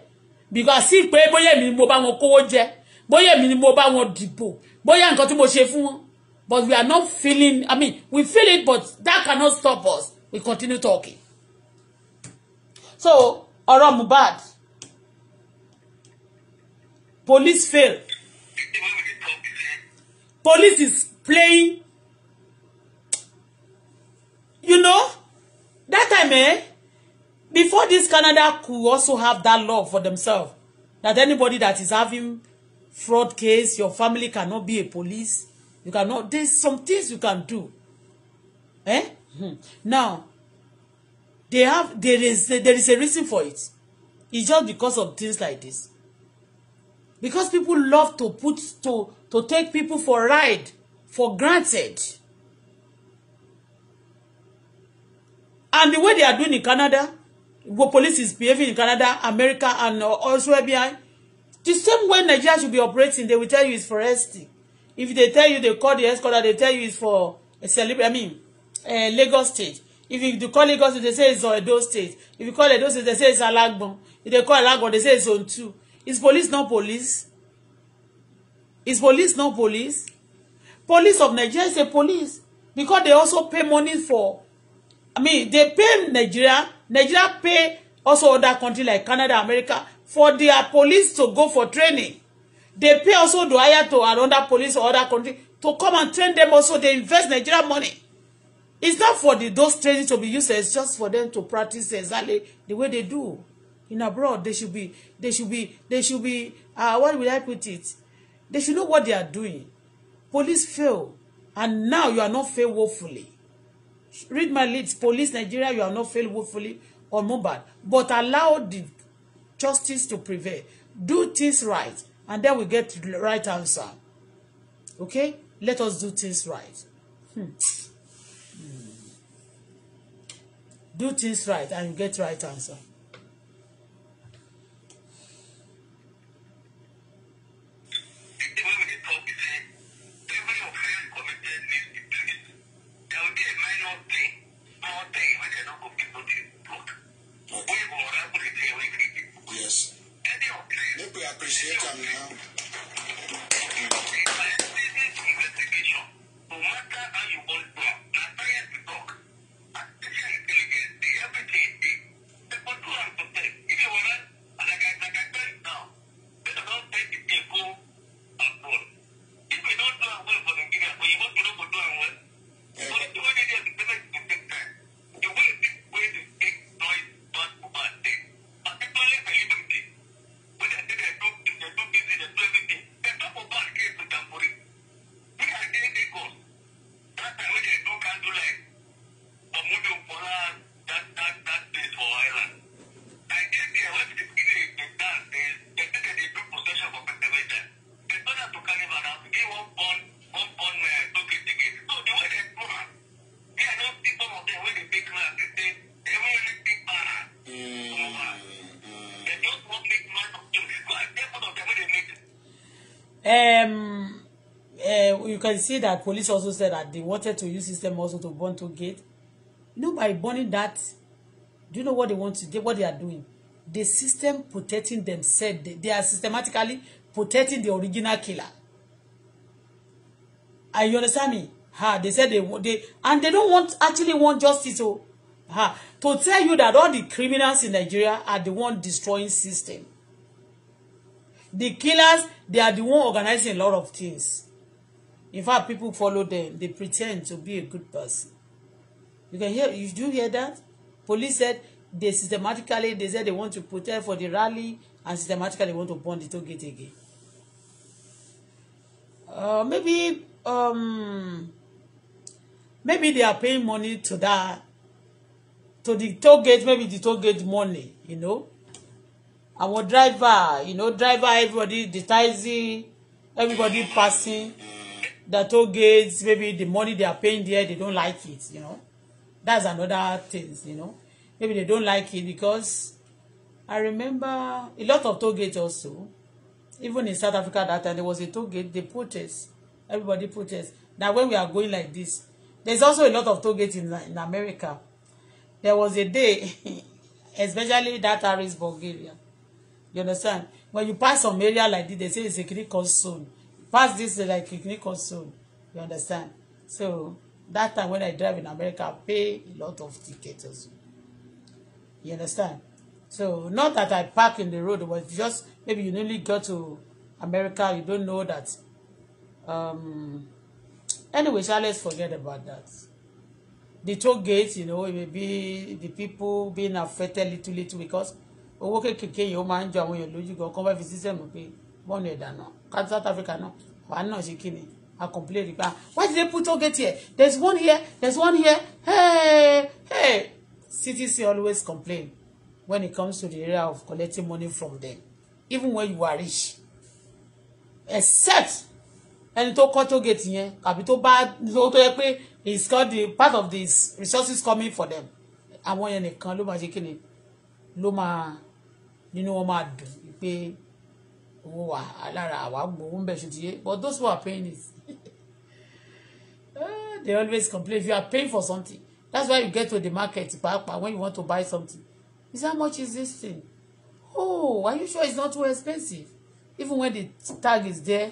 Because I see pé bóyá èmi ni mo bá wọn kówó jẹ, bóyá èmi ni mo bá wọn dìbò, bóyá nǹkan tí mo ṣe fún wọn. But we are not feeling, I mean, we feel it, but that cannot stop us. We continue talking. So, ọ̀rọ̀ Mohbad. Police fail. Police is playing. You know, that time, eh? Before this, Canada could also have that law for themselves. That anybody that is having fraud case, your family cannot be a police. You cannot, there's some things you can do. Eh? Hmm. Now, they have, there is, there is a reason for it. It's just because of things like this because people love to put to to take people for ride for granted and the way they are doing in Canada what police is behaving in Canada America and also FBI the same way Nigeria should be operating they will tell you it's for esty if they tell you they call the escort they tell you it's for a celebrity I mean uh, Lagos State if you call Lagos they say it's Edo State if you call Edo State they say it's Alagbon if they call Alagbon they say it's Zone Two. Is police not police? Is police not police? Police of Nigeria is a police because they also pay money for. I mean, they pay Nigeria. Nigeria pay also other country like Canada, America for their police to go for training. They pay also to hire to another police or other country to come and train them. Also, they invest Nigeria money. It's not for the, those training to be used. It's just for them to practice exactly the way they do in abroad they should be they should be they should be uh, what will I put it they should know what they are doing police fail and now you are not fail woefully read my lips police Nigeria you are not fail woefully or Mohbad but allow the justice to prevail do things right and then we get the right answer okay let us do things right hmm. hmm. do things right and you get right answer Yeah. can see that police also said that they wanted to use system also to burn to gate. You know, by burning that, do you know what they want to do, what they are doing? The system protecting themselves, they, they are systematically protecting the original killer. Are ah, you understand me? Ha, they said they they and they don't want actually want justice. So, oh. ha, to tell you that all the criminals in Nigeria are the one destroying system. The killers, they are the one organizing a lot of things. In fact, people follow them. They pretend to be a good person. You can hear, you do hear that? Police said they systematically, they said they want to protest for the rally and systematically want to burn the toll gate again. Uh, maybe, um, maybe they are paying money to that, to the toll gate, maybe the toll gate money, you know? Our driver, you know, driver, everybody, the taxi, everybody passing the toll gates maybe the money they are paying there they don't like it you know that's another thing, you know maybe they don't like it because I remember a lot of toll gates also even in South Africa that time there was a toll gate they protest everybody protest Now when we are going like this there's also a lot of toll gates in, in America there was a day especially that Harrisburg Bulgaria. you understand when you pass some area like this they say it's a critical zone pass this like kidney console you understand so that time when I drive in America I pay a lot of ticket also you understand so not that I park in the road but just maybe you newly go to America you don't know that um anyway so let's forget about that the toll gate you know maybe the people being affected little little because owó kékèké yìí ó máa ń jọ àwọn èèyàn lójú gan kọ́ bá fi sísẹ̀mù pé bọ́ọ̀nù ẹ̀dà náà ká South Africa náà wàá náà ṣe kí ni a complain nípa why did they put all get here there is one here there is one here hey hey CTC always complain when it comes to the area of collecting money from them even when you are rich except ẹni tó kọ́ tollgate yẹn àbí tó bá tó yẹ pé it's called the part of the resources coming for them àwọn yẹn nìkan ló máa ṣe kí ni ló máa nínú wọn máa dùn pé owó wa lára àwa gbowó ń bẹ̀ ṣùtìyé but those who are paying it ah, they always complain if you are paying for something that's why you get to the market pàápàá when you want to buy something you say how much is this thing oh are you sure it's not too expensive even when the tag is there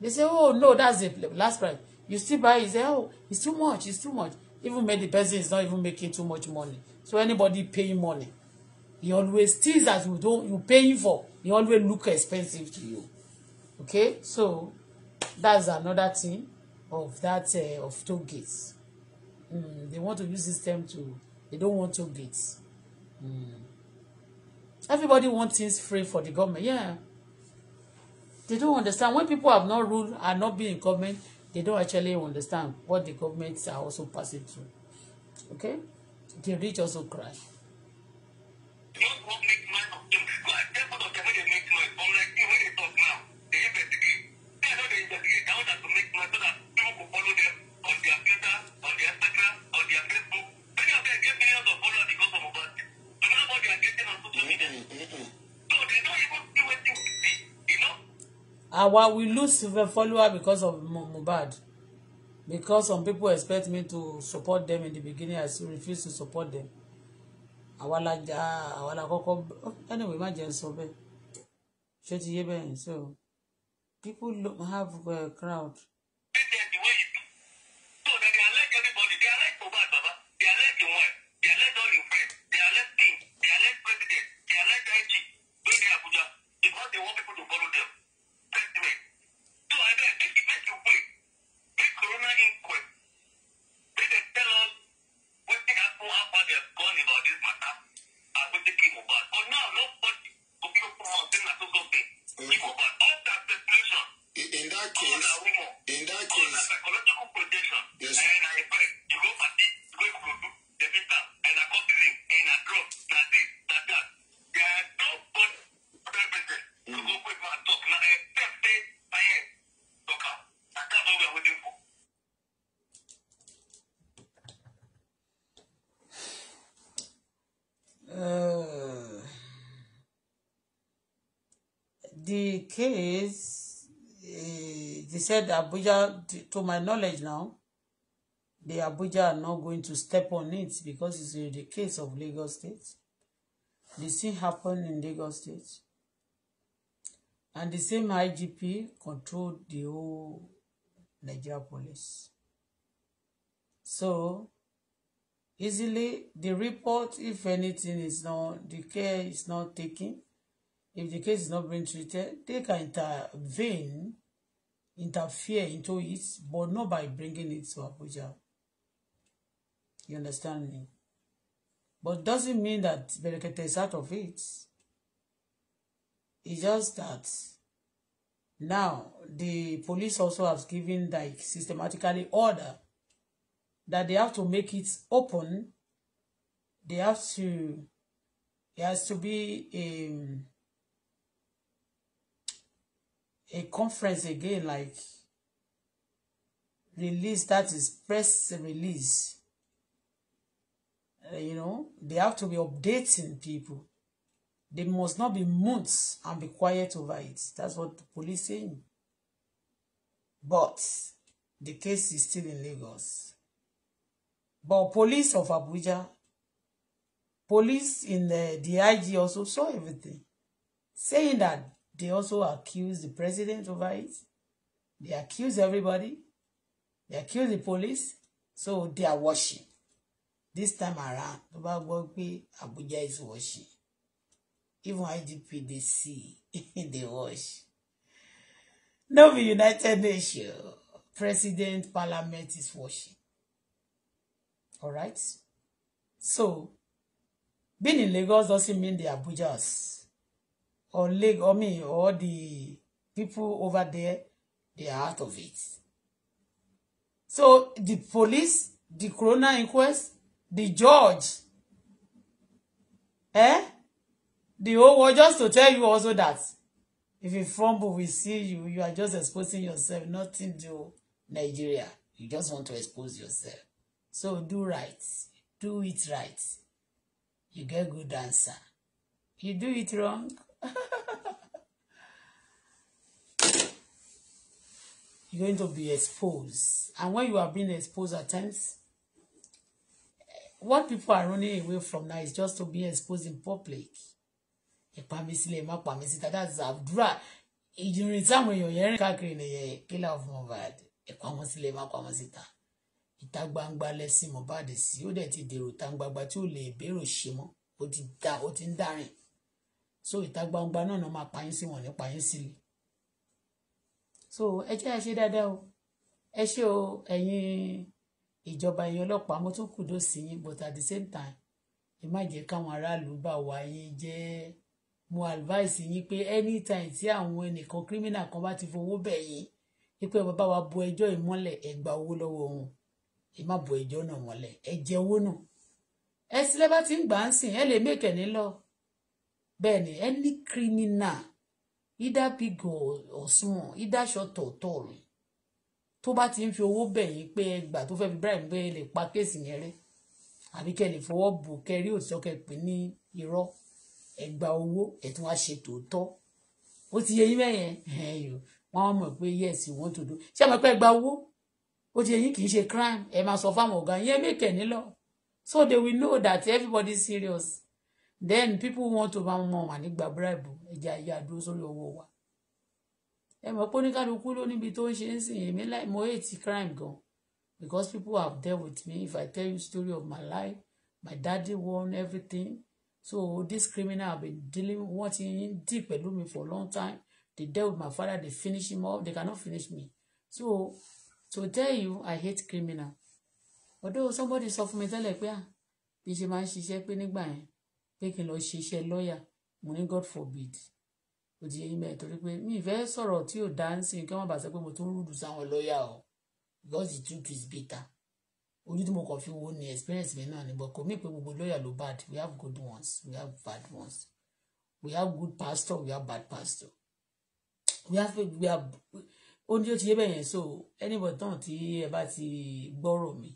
they say oh no that's the last price you still buy it say oh it's too much it's too much even when the person is not even making too much money so anybody paying money he always steals that you don't you paying for you always look expensive to you okay so that's another thing of that uh, of toll gates mm, they want to use system to they don't want toll gates mm. everybody wants things free for the government yeah they don't understand when people have not ruled and not been in government they don't actually understand what the governments are also passing through okay the rich also cry. àwa we lose follower because of Mohbad because some people expect me to support them in the beginning I still refuse to support them àwa la ja àwa la kọ́kọ́ oh, anyway má jẹ́ n sọ bẹ́ẹ̀ ṣé ti yé bẹ́ẹ̀ so people have a uh, crowd. the case, eh, they said Abuja, to my knowledge now, the Abuja are not going to step on it because it's in the case of Lagos State. The same happened in Lagos State. And the same IGP controlled the whole Nigeria police. So, easily, the report, if anything, is not, the care is not taking. If the case is not being treated, they can intervene, interfere into it, but not by bringing it to Abuja. You understand me? But doesn't mean that Berekete is out of it. It's just that now the police also has given like systematically order that they have to make it open. They have to, It has to be a um, a conference again like release that is press release uh, you know they have to be updating people they must not be mute and be quiet over it that's what the police saying but the case is still in Lagos but police of Abuja police in uh, the, D.I.G. also saw everything saying that They also accuse the president over it. They accuse everybody. They accuse the police. So they are washing. This time around, tó Abuja is washing. Even IDP, they see, they wash. No the United Nations. President, parliament is washing. All right? So, being in Lagos doesn't mean they are Abujas or leg or me, or the people over there, they are out of it. So the police, the coroner inquest, the judge, eh? The whole world just to tell you also that if you fumble, we see you, you are just exposing yourself, nothing to Nigeria. You just want to expose yourself. So do right. Do it right. You get good answer. You do it wrong, You're going to be exposed. And when you are being exposed at times, what people are running away from now is just to be exposed in public. Ẹ pa mí that's àdúrà. Ìjìnrìn táwọn èèyàn yẹn rìn káàkiri nìyẹn, kílà fún Mohbad. Ẹ pa wọ́n sílẹ̀, má pa wọ́n síta. Ìta gbangba lẹ́sìn Mohbad sí, ó dẹ̀ ti dèrò ta tí ò lè bèrò ṣe mọ́. Ó ti ń darin so ìta gbangba náà náà máa pààyàn sí wọn ní pààyàn sí i so ẹ jẹ́ ẹ ṣe dáadáa o ẹ ṣe o ẹ̀yin ìjọba ẹ̀yin ọlọ́pàá mo tún kùdó sí yín but at the same time ẹ má jẹ́ káwọn aráàlú bá wà yín jẹ́ mo advice yín pé anytime tí àwọn ẹnìkan criminal kan bá ti fowó bẹ̀ yín wípé bàbá wa bo ẹjọ́ ìmọ́lẹ̀ ẹ owó lọ́wọ́ wọn ẹ má bo ẹjọ́ náà mọ́lẹ̀ ẹ jẹ owó náà ẹ sílẹ̀ bá ti ń gbà ń sìn ẹ lè mẹ́kẹ̀ ní lọ́ọ́ bẹ́ẹ̀ ni any criminal either big or, small either short or tall tó bá ti ń fi owó bẹ̀ yín pé ẹgbà tó fẹ́ fi bribe pé ẹ lè pa kéèsì yẹn rẹ́ àbí kẹ́ lè fọwọ́ bò kẹrí òtítọ́ kẹ́ ní irọ́ ẹgbà owó ẹ̀tún wá ṣe tòótọ́ ó ti yẹ yín bẹ́yẹn wọ́n mọ̀ pé yes you want to do ṣé àmọ́ pé ẹgbà owó ó ti yẹ yín kì í ṣe crime ẹ máa sọ fáwọn ọ̀gá yẹn mẹ́kẹ̀ nílọ so they will know that everybody is serious then people want to máa mọ wà nígbà bribe ẹja ẹja àdúró sórí owó wa ẹ mọ̀ pé oníkálukú ló níbi tó ń ṣe ń sìn èmi láì mo hate crime gan because people have dealt with me if I tell you story of my life my daddy won everything so this criminal have been dealing wọ́n ti ń dì pẹ̀lú mi for long time they dealt with my father they finish him up they cannot finish me so to tell you I hate criminal although somebody sọ fún mi tẹ́lẹ̀ pé ah bí ṣe máa ń ṣiṣẹ́ pé nígbà yẹn pé kí n lọ ṣe iṣẹ́ lọ́ọ̀yà mo ní God forbid ó ti yẹ yín bẹ́ẹ̀ torí pé mi ìfẹ́ sọ̀rọ̀ tí ò dá ń sìn kí wọ́n bá sọ pé mo tún rúdù sáwọn lọ́ọ̀yà o because the truth is bitter ojú tí mo kàn fi wo ni experience mi náà But kò mí pé gbogbo lọ́ọ̀yà ló bad we have good ones we have bad ones we have good pastor we have bad pastor we have we have ó ní ó ti yé bẹ́yẹn so anybody tán tí ẹ bá ti gbọ́rọ̀ mi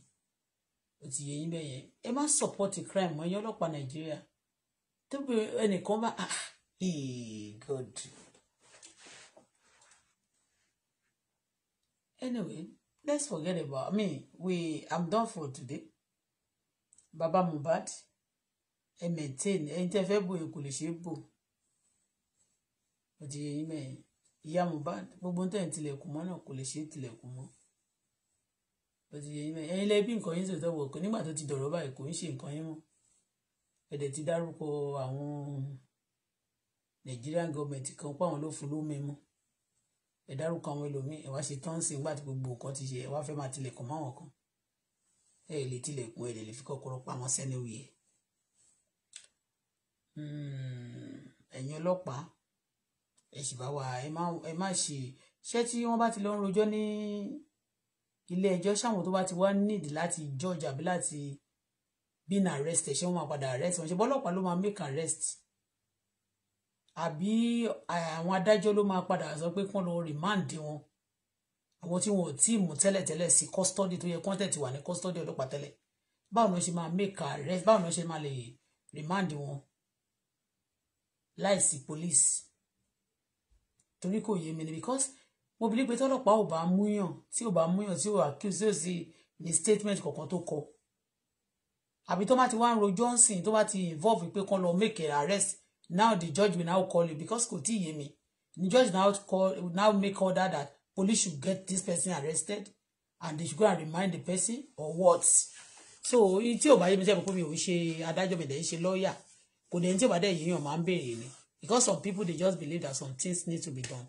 ó ti yé yín bẹ́yẹn ẹ má support crime mọ́ ẹ̀yin ọlọ́pàá Nàìjíríà tóbi ẹnìkan bá ah, God anyway let's forget about me. we I'm done for today Baba Mohbad ẹ maintain ẹ tẹ fẹ́ bò kò lè ṣe é bò òdì yẹn mẹ́rin ìyá Mohbad gbogbo tẹ̀ ń tilẹ̀kùn mọ́ náà kò lè ṣe é tilẹ̀kùn mọ́ òdì yẹn mẹ́rin ẹ̀yin lẹ́bí nǹkan yín sọ̀tọ̀ wọ̀ kó nígbà tó ti dọ̀rọ̀ báyìí kò ń ṣe nǹkan yín mọ́ ẹ̀dẹ̀ ti dárúkọ àwọn Nigerian government kan pé àwọn ló fún lómi mú ẹ dárúkọ àwọn ẹlòmíín ẹ wá ṣe tọ́ǹsì nígbà tí gbogbo nǹkan ti ṣe ẹ wá fẹ́ máa tilẹ̀kùn máwọn kan ẹ lè tilẹ̀kùn ẹ lè fi kọ́kọ́rọ́ pamọ́ sẹ́ni òye hmm, ẹ̀yin ọlọ́pàá ẹ sì bá wa ẹ má ṣe ṣé tí wọ́n bá ti lọ rojọ́ ní ilé ẹjọ́ ṣáwọn tó bá ti wá nídìí láti judge àbí Láti Being arrested ṣé wọ́n máa padà arrest wọn ṣe bọ́ ló máa make arrest àbí àwọn adájọ́ ló máa padà sọ pé kán lọ remand wọn àwọn tí wọn ò tí ì mú tẹ́lẹ̀tẹ́lẹ̀ sí custody tó yẹ kọ́ńtẹ̀ ti wà ní custody ọlọ́pàá tẹ́lẹ̀ báwo ni ṣe máa make arrest báwo ni wọ́n ṣe máa lè remand wọn láìsí police torí kò yé mi ni because mo believe pé tọ́lọ́pàá ò bá múyàn tí ò bá múyàn tí ò accuse sí ní statement kọ̀ọ̀kan tó kọ àbí tó bá ti wá ń ro johnson tó bá ti involve pé kán lọ make an arrest now the judge will now call you because kò tí yé mi the judge now call now make order that police should get this person arrested and they should go and remind the person or what so tí ò bá yé mi sẹ́yìn kó mi ò ṣe adájọ́ mi dẹ̀ ṣe lọ́ọ̀yà kò dẹ̀ tí ò bá dẹ̀ yéèyàn máa ń béèrè ni because some people they just believe that some things need to be done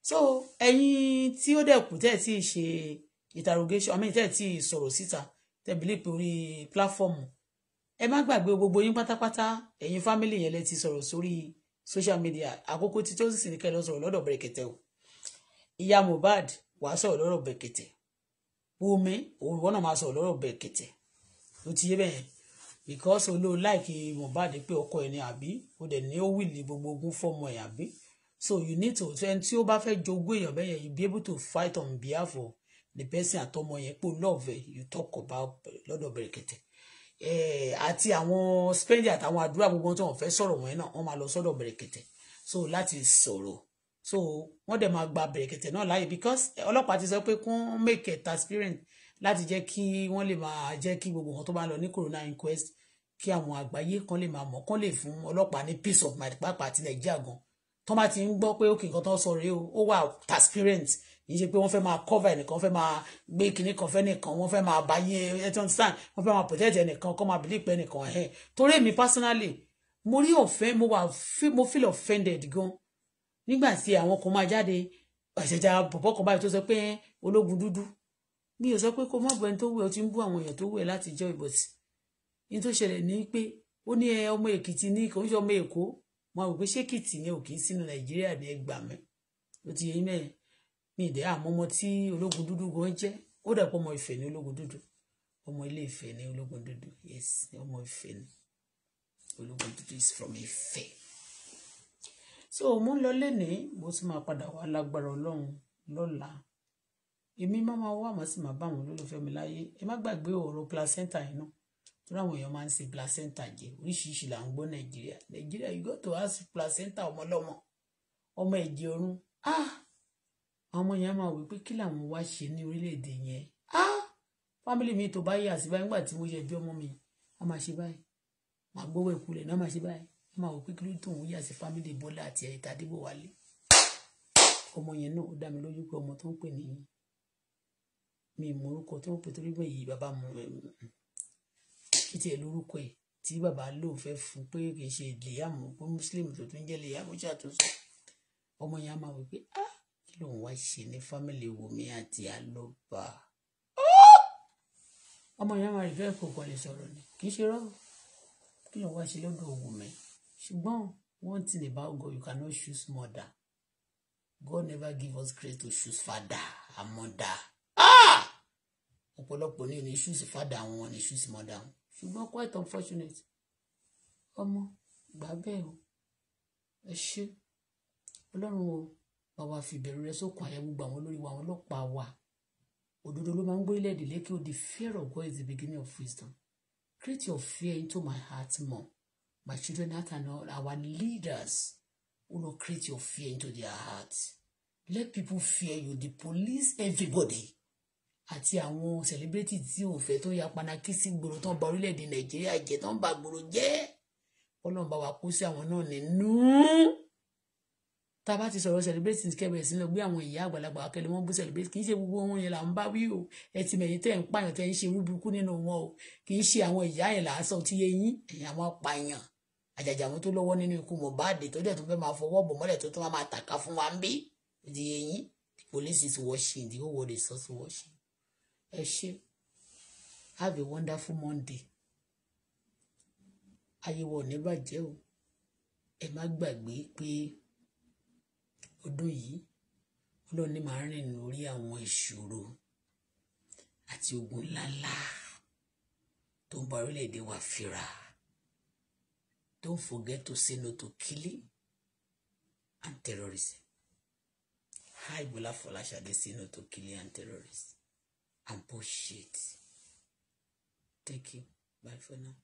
so ẹ̀yin tí ó dẹ̀ kù tẹ̀ tí ì ṣe interrogation i mean tẹ̀ tí ì sọ̀rọ̀ síta tẹ́ believe pé orí platform ẹ má gbàgbé gbogbo yín pátápátá ẹ̀yin family yẹn lẹ ti sọ̀rọ̀ sórí social media àkókò tí tó sì ní kẹ́ lọ sọ̀rọ̀ lọ́dọ̀ bẹ̀rẹ̀kẹ̀tẹ̀ o ìyá Mohbad wàá sọ̀rọ̀ lọ́rọ̀ bẹ̀rẹ̀kẹ̀tẹ̀ Wùmí òun ìwọ náà máa sọ̀rọ̀ lọ́rọ̀ bẹ̀rẹ̀kẹ̀tẹ̀ ló ti yé bẹ́ẹ̀ because olóò láìkí Mohbad pé ọkọ ẹ̀ ni àbí o dẹ̀ ní ó wìlì gbogbo ogún fọ́ọ̀mù ẹ̀ àbí so you need to ẹni tí ó bá fẹ́ jogún èèyàn bẹ́yẹn you be able to fight on behalf of the person àtọmọ yẹn pé love you talk about lọ́dọ̀ bẹ̀rẹ̀kẹ̀tẹ̀ eh, àti àwọn spendi àtàwọn àdúrà gbogbo tí wọ́n fẹ́ sọ̀rọ̀ wọn náà wọ́n máa lọ sọ́dọ̀ bẹ̀rẹ̀kẹ̀tẹ̀ so láti sọ̀rọ̀ so wọ́n dẹ̀ máa gba bẹ̀rẹ̀kẹ̀tẹ̀ náà láàyè because ọlọ́pàá ti sọ pé kún make it transparent láti jẹ́ kí wọ́n lè máa jẹ́ kí gbogbo nǹkan tó bá lọ ní corona inquest kí àwọn àgbáyé kan lè máa mọ̀ kán lè fún ọlọ́pàá ní peace of mind pàápàá àti nàìjíríà gan tó bá ti ń gbọ́ pé òkè nǹkan tó ń sọ rèé o ó wà transparent kì í ṣe pé wọ́n fẹ́ máa cover ẹnìkan fẹ́ máa gbé kinní kan fẹ́ nìkan wọ́n fẹ́ máa bá yé ẹtàn stand wọ́n fẹ́ máa protect ẹnìkan kọ́ máa believe pé ẹnìkan ẹ̀ torí èmi personally mo rí ọ̀fẹ́ mo wà mo feel offended gan nígbà tí àwọn kan máa jáde àṣẹjà bọ̀bọ̀ kan báyìí tó sọ pé ológun dúdú mi ò sọ pé kó má bọ ẹni tó wẹ̀ ọ ti ń bú àwọn èèyàn tó wẹ̀ láti jẹ́ ìbọ̀tì ní tó ṣẹlẹ̀ ní pé ó ní ọmọ èkìtì ní kò ń ṣe ọmọ èkó mo rò pé ṣékìtì yẹn ò kì í sínú nàìjíríà ní ẹgbàá mẹ́ ó ti yẹ yín mẹ́rin ní ìdẹ́ àmọ́mọ́ tí ológun dúdú gan jẹ́ ó dàpọ̀ ọmọ ìfẹ́ ní ológun dúdú ọmọ ilé ìfẹ́ ní ológun dúdú yes ọmọ ìfẹ́ ní ológun dúdú is from ìfẹ́ so mo ń lọ lénìí mo tún máa padà wá lágbára ọlọ́run lọ́la èmi máa máa wá àmọ́ sì máa bá àwọn olólùfẹ́ mi láyé ẹ má gbàgbé ọ̀rọ̀ placenta yìí náà torí àwọn èèyàn máa ń ṣe placenta jẹ oríṣiríṣi là ń gbọ́ nàìjíríà nàìjíríà you go to ask placenta ọmọlọ́mọ ọmọ ẹ̀jẹ̀ ọ̀run ah ọmọ yẹn máa wí pé kí làwọn wá ṣe ní orílẹ̀-èdè yẹn ah! fámìlì mi tó bá yà sí báyìí nígbà tí mo yẹ bí ọmọ mi a máa ṣe báyìí màá gbówó ìkulẹ̀ náà máa ṣe báyìí a máa wò pé kí ló tó òun yà sí fámìlì Bọ́lá àti ẹ̀yìn tàdébò wálé ọmọ yẹn náà ó dá mi lójú pé ọmọ tó ń pè ní mi mọ orúkọ tó ń pè torí pé yìí bàbá mu kí tiẹ̀ lórúkọ ẹ̀ tí bàbá lóun fẹ́ fún pé kì í ṣe lèyàmù pé mùsùlùmí tó tún jẹ́ lèyàmù ṣàtúnṣe kí ló ń wá ṣe ní fámìlì Wùmí àti Aloba ọmọ ìyá máa rí fẹ́ kó kọ́ lè sọ̀rọ̀ ni kì í ṣe rọ́ kí ló ń wá ṣe lọ́dọ̀ Wùmí ṣùgbọ́n one thing about God you cannot choose mother God never give us grace to choose father and mother ah! ọ̀pọ̀lọpọ̀ ní ní choose father wọn ní choose mother wọn ṣùgbọ́n quite unfortunate ọmọ gbà bẹ́ẹ̀ o ẹ ṣe ọlọ́run o bá wa fi ìbẹ̀rù rẹ sókun àyà gbogbo àwọn olórí wa àwọn ọlọ́pàá wa òdodo ló máa ń gbé ilẹ̀ ìdílé kí fear of God is the beginning of wisdom create your fear into my heart more my children heart and all our leaders who no create your fear into their heart let people fear you the police everybody àti àwọn celebrity tí ò fẹ́ tó ya panakí sí gbòòrò tó ń ba orílẹ̀-èdè nàìjíríà jẹ́ tó ń ba gbòòrò jẹ́ ọlọ́run bá wa kó sí àwọn náà nínú. No tá a bá ti sọ̀rọ̀ celebrate ní kẹ́bẹ̀rẹ̀ sí lọ gbé àwọn ìyá àgbàlagbà akẹ́lẹ́ wọn bú celebrate kì í ṣe gbogbo wọn yẹn là ń bá wí o ẹ ti mẹ̀yìn tẹ́ ń pààyàn tẹ́ ń ṣe rúburúkú nínú wọn o kì í ṣe àwọn ìyá yẹn là á sọ tí yẹyìn ẹ̀yìn àwọn apààyàn àjàjà wọn tó lọ́wọ́ nínú ikú Mohbad tó dẹ̀ tó fẹ́ máa fọwọ́ bò mọ́lẹ̀ tó tó máa tàka fún wa ń bí di yẹyìn the police is watching the whole world is also watching ẹ ṣe have a wonderful Monday ayé wọn ò ní bàjẹ́ o ẹ má gbàgbé pé ọdún yìí ọlọ́run ní màá rìn lórí àwọn ìṣòro àti ogun ńláńlá tó ń ba orílẹ̀-èdè wa fira don't forget to say no to and terrorism how Bola Folashade say no to and terrorism and bullshit thank you bye for now.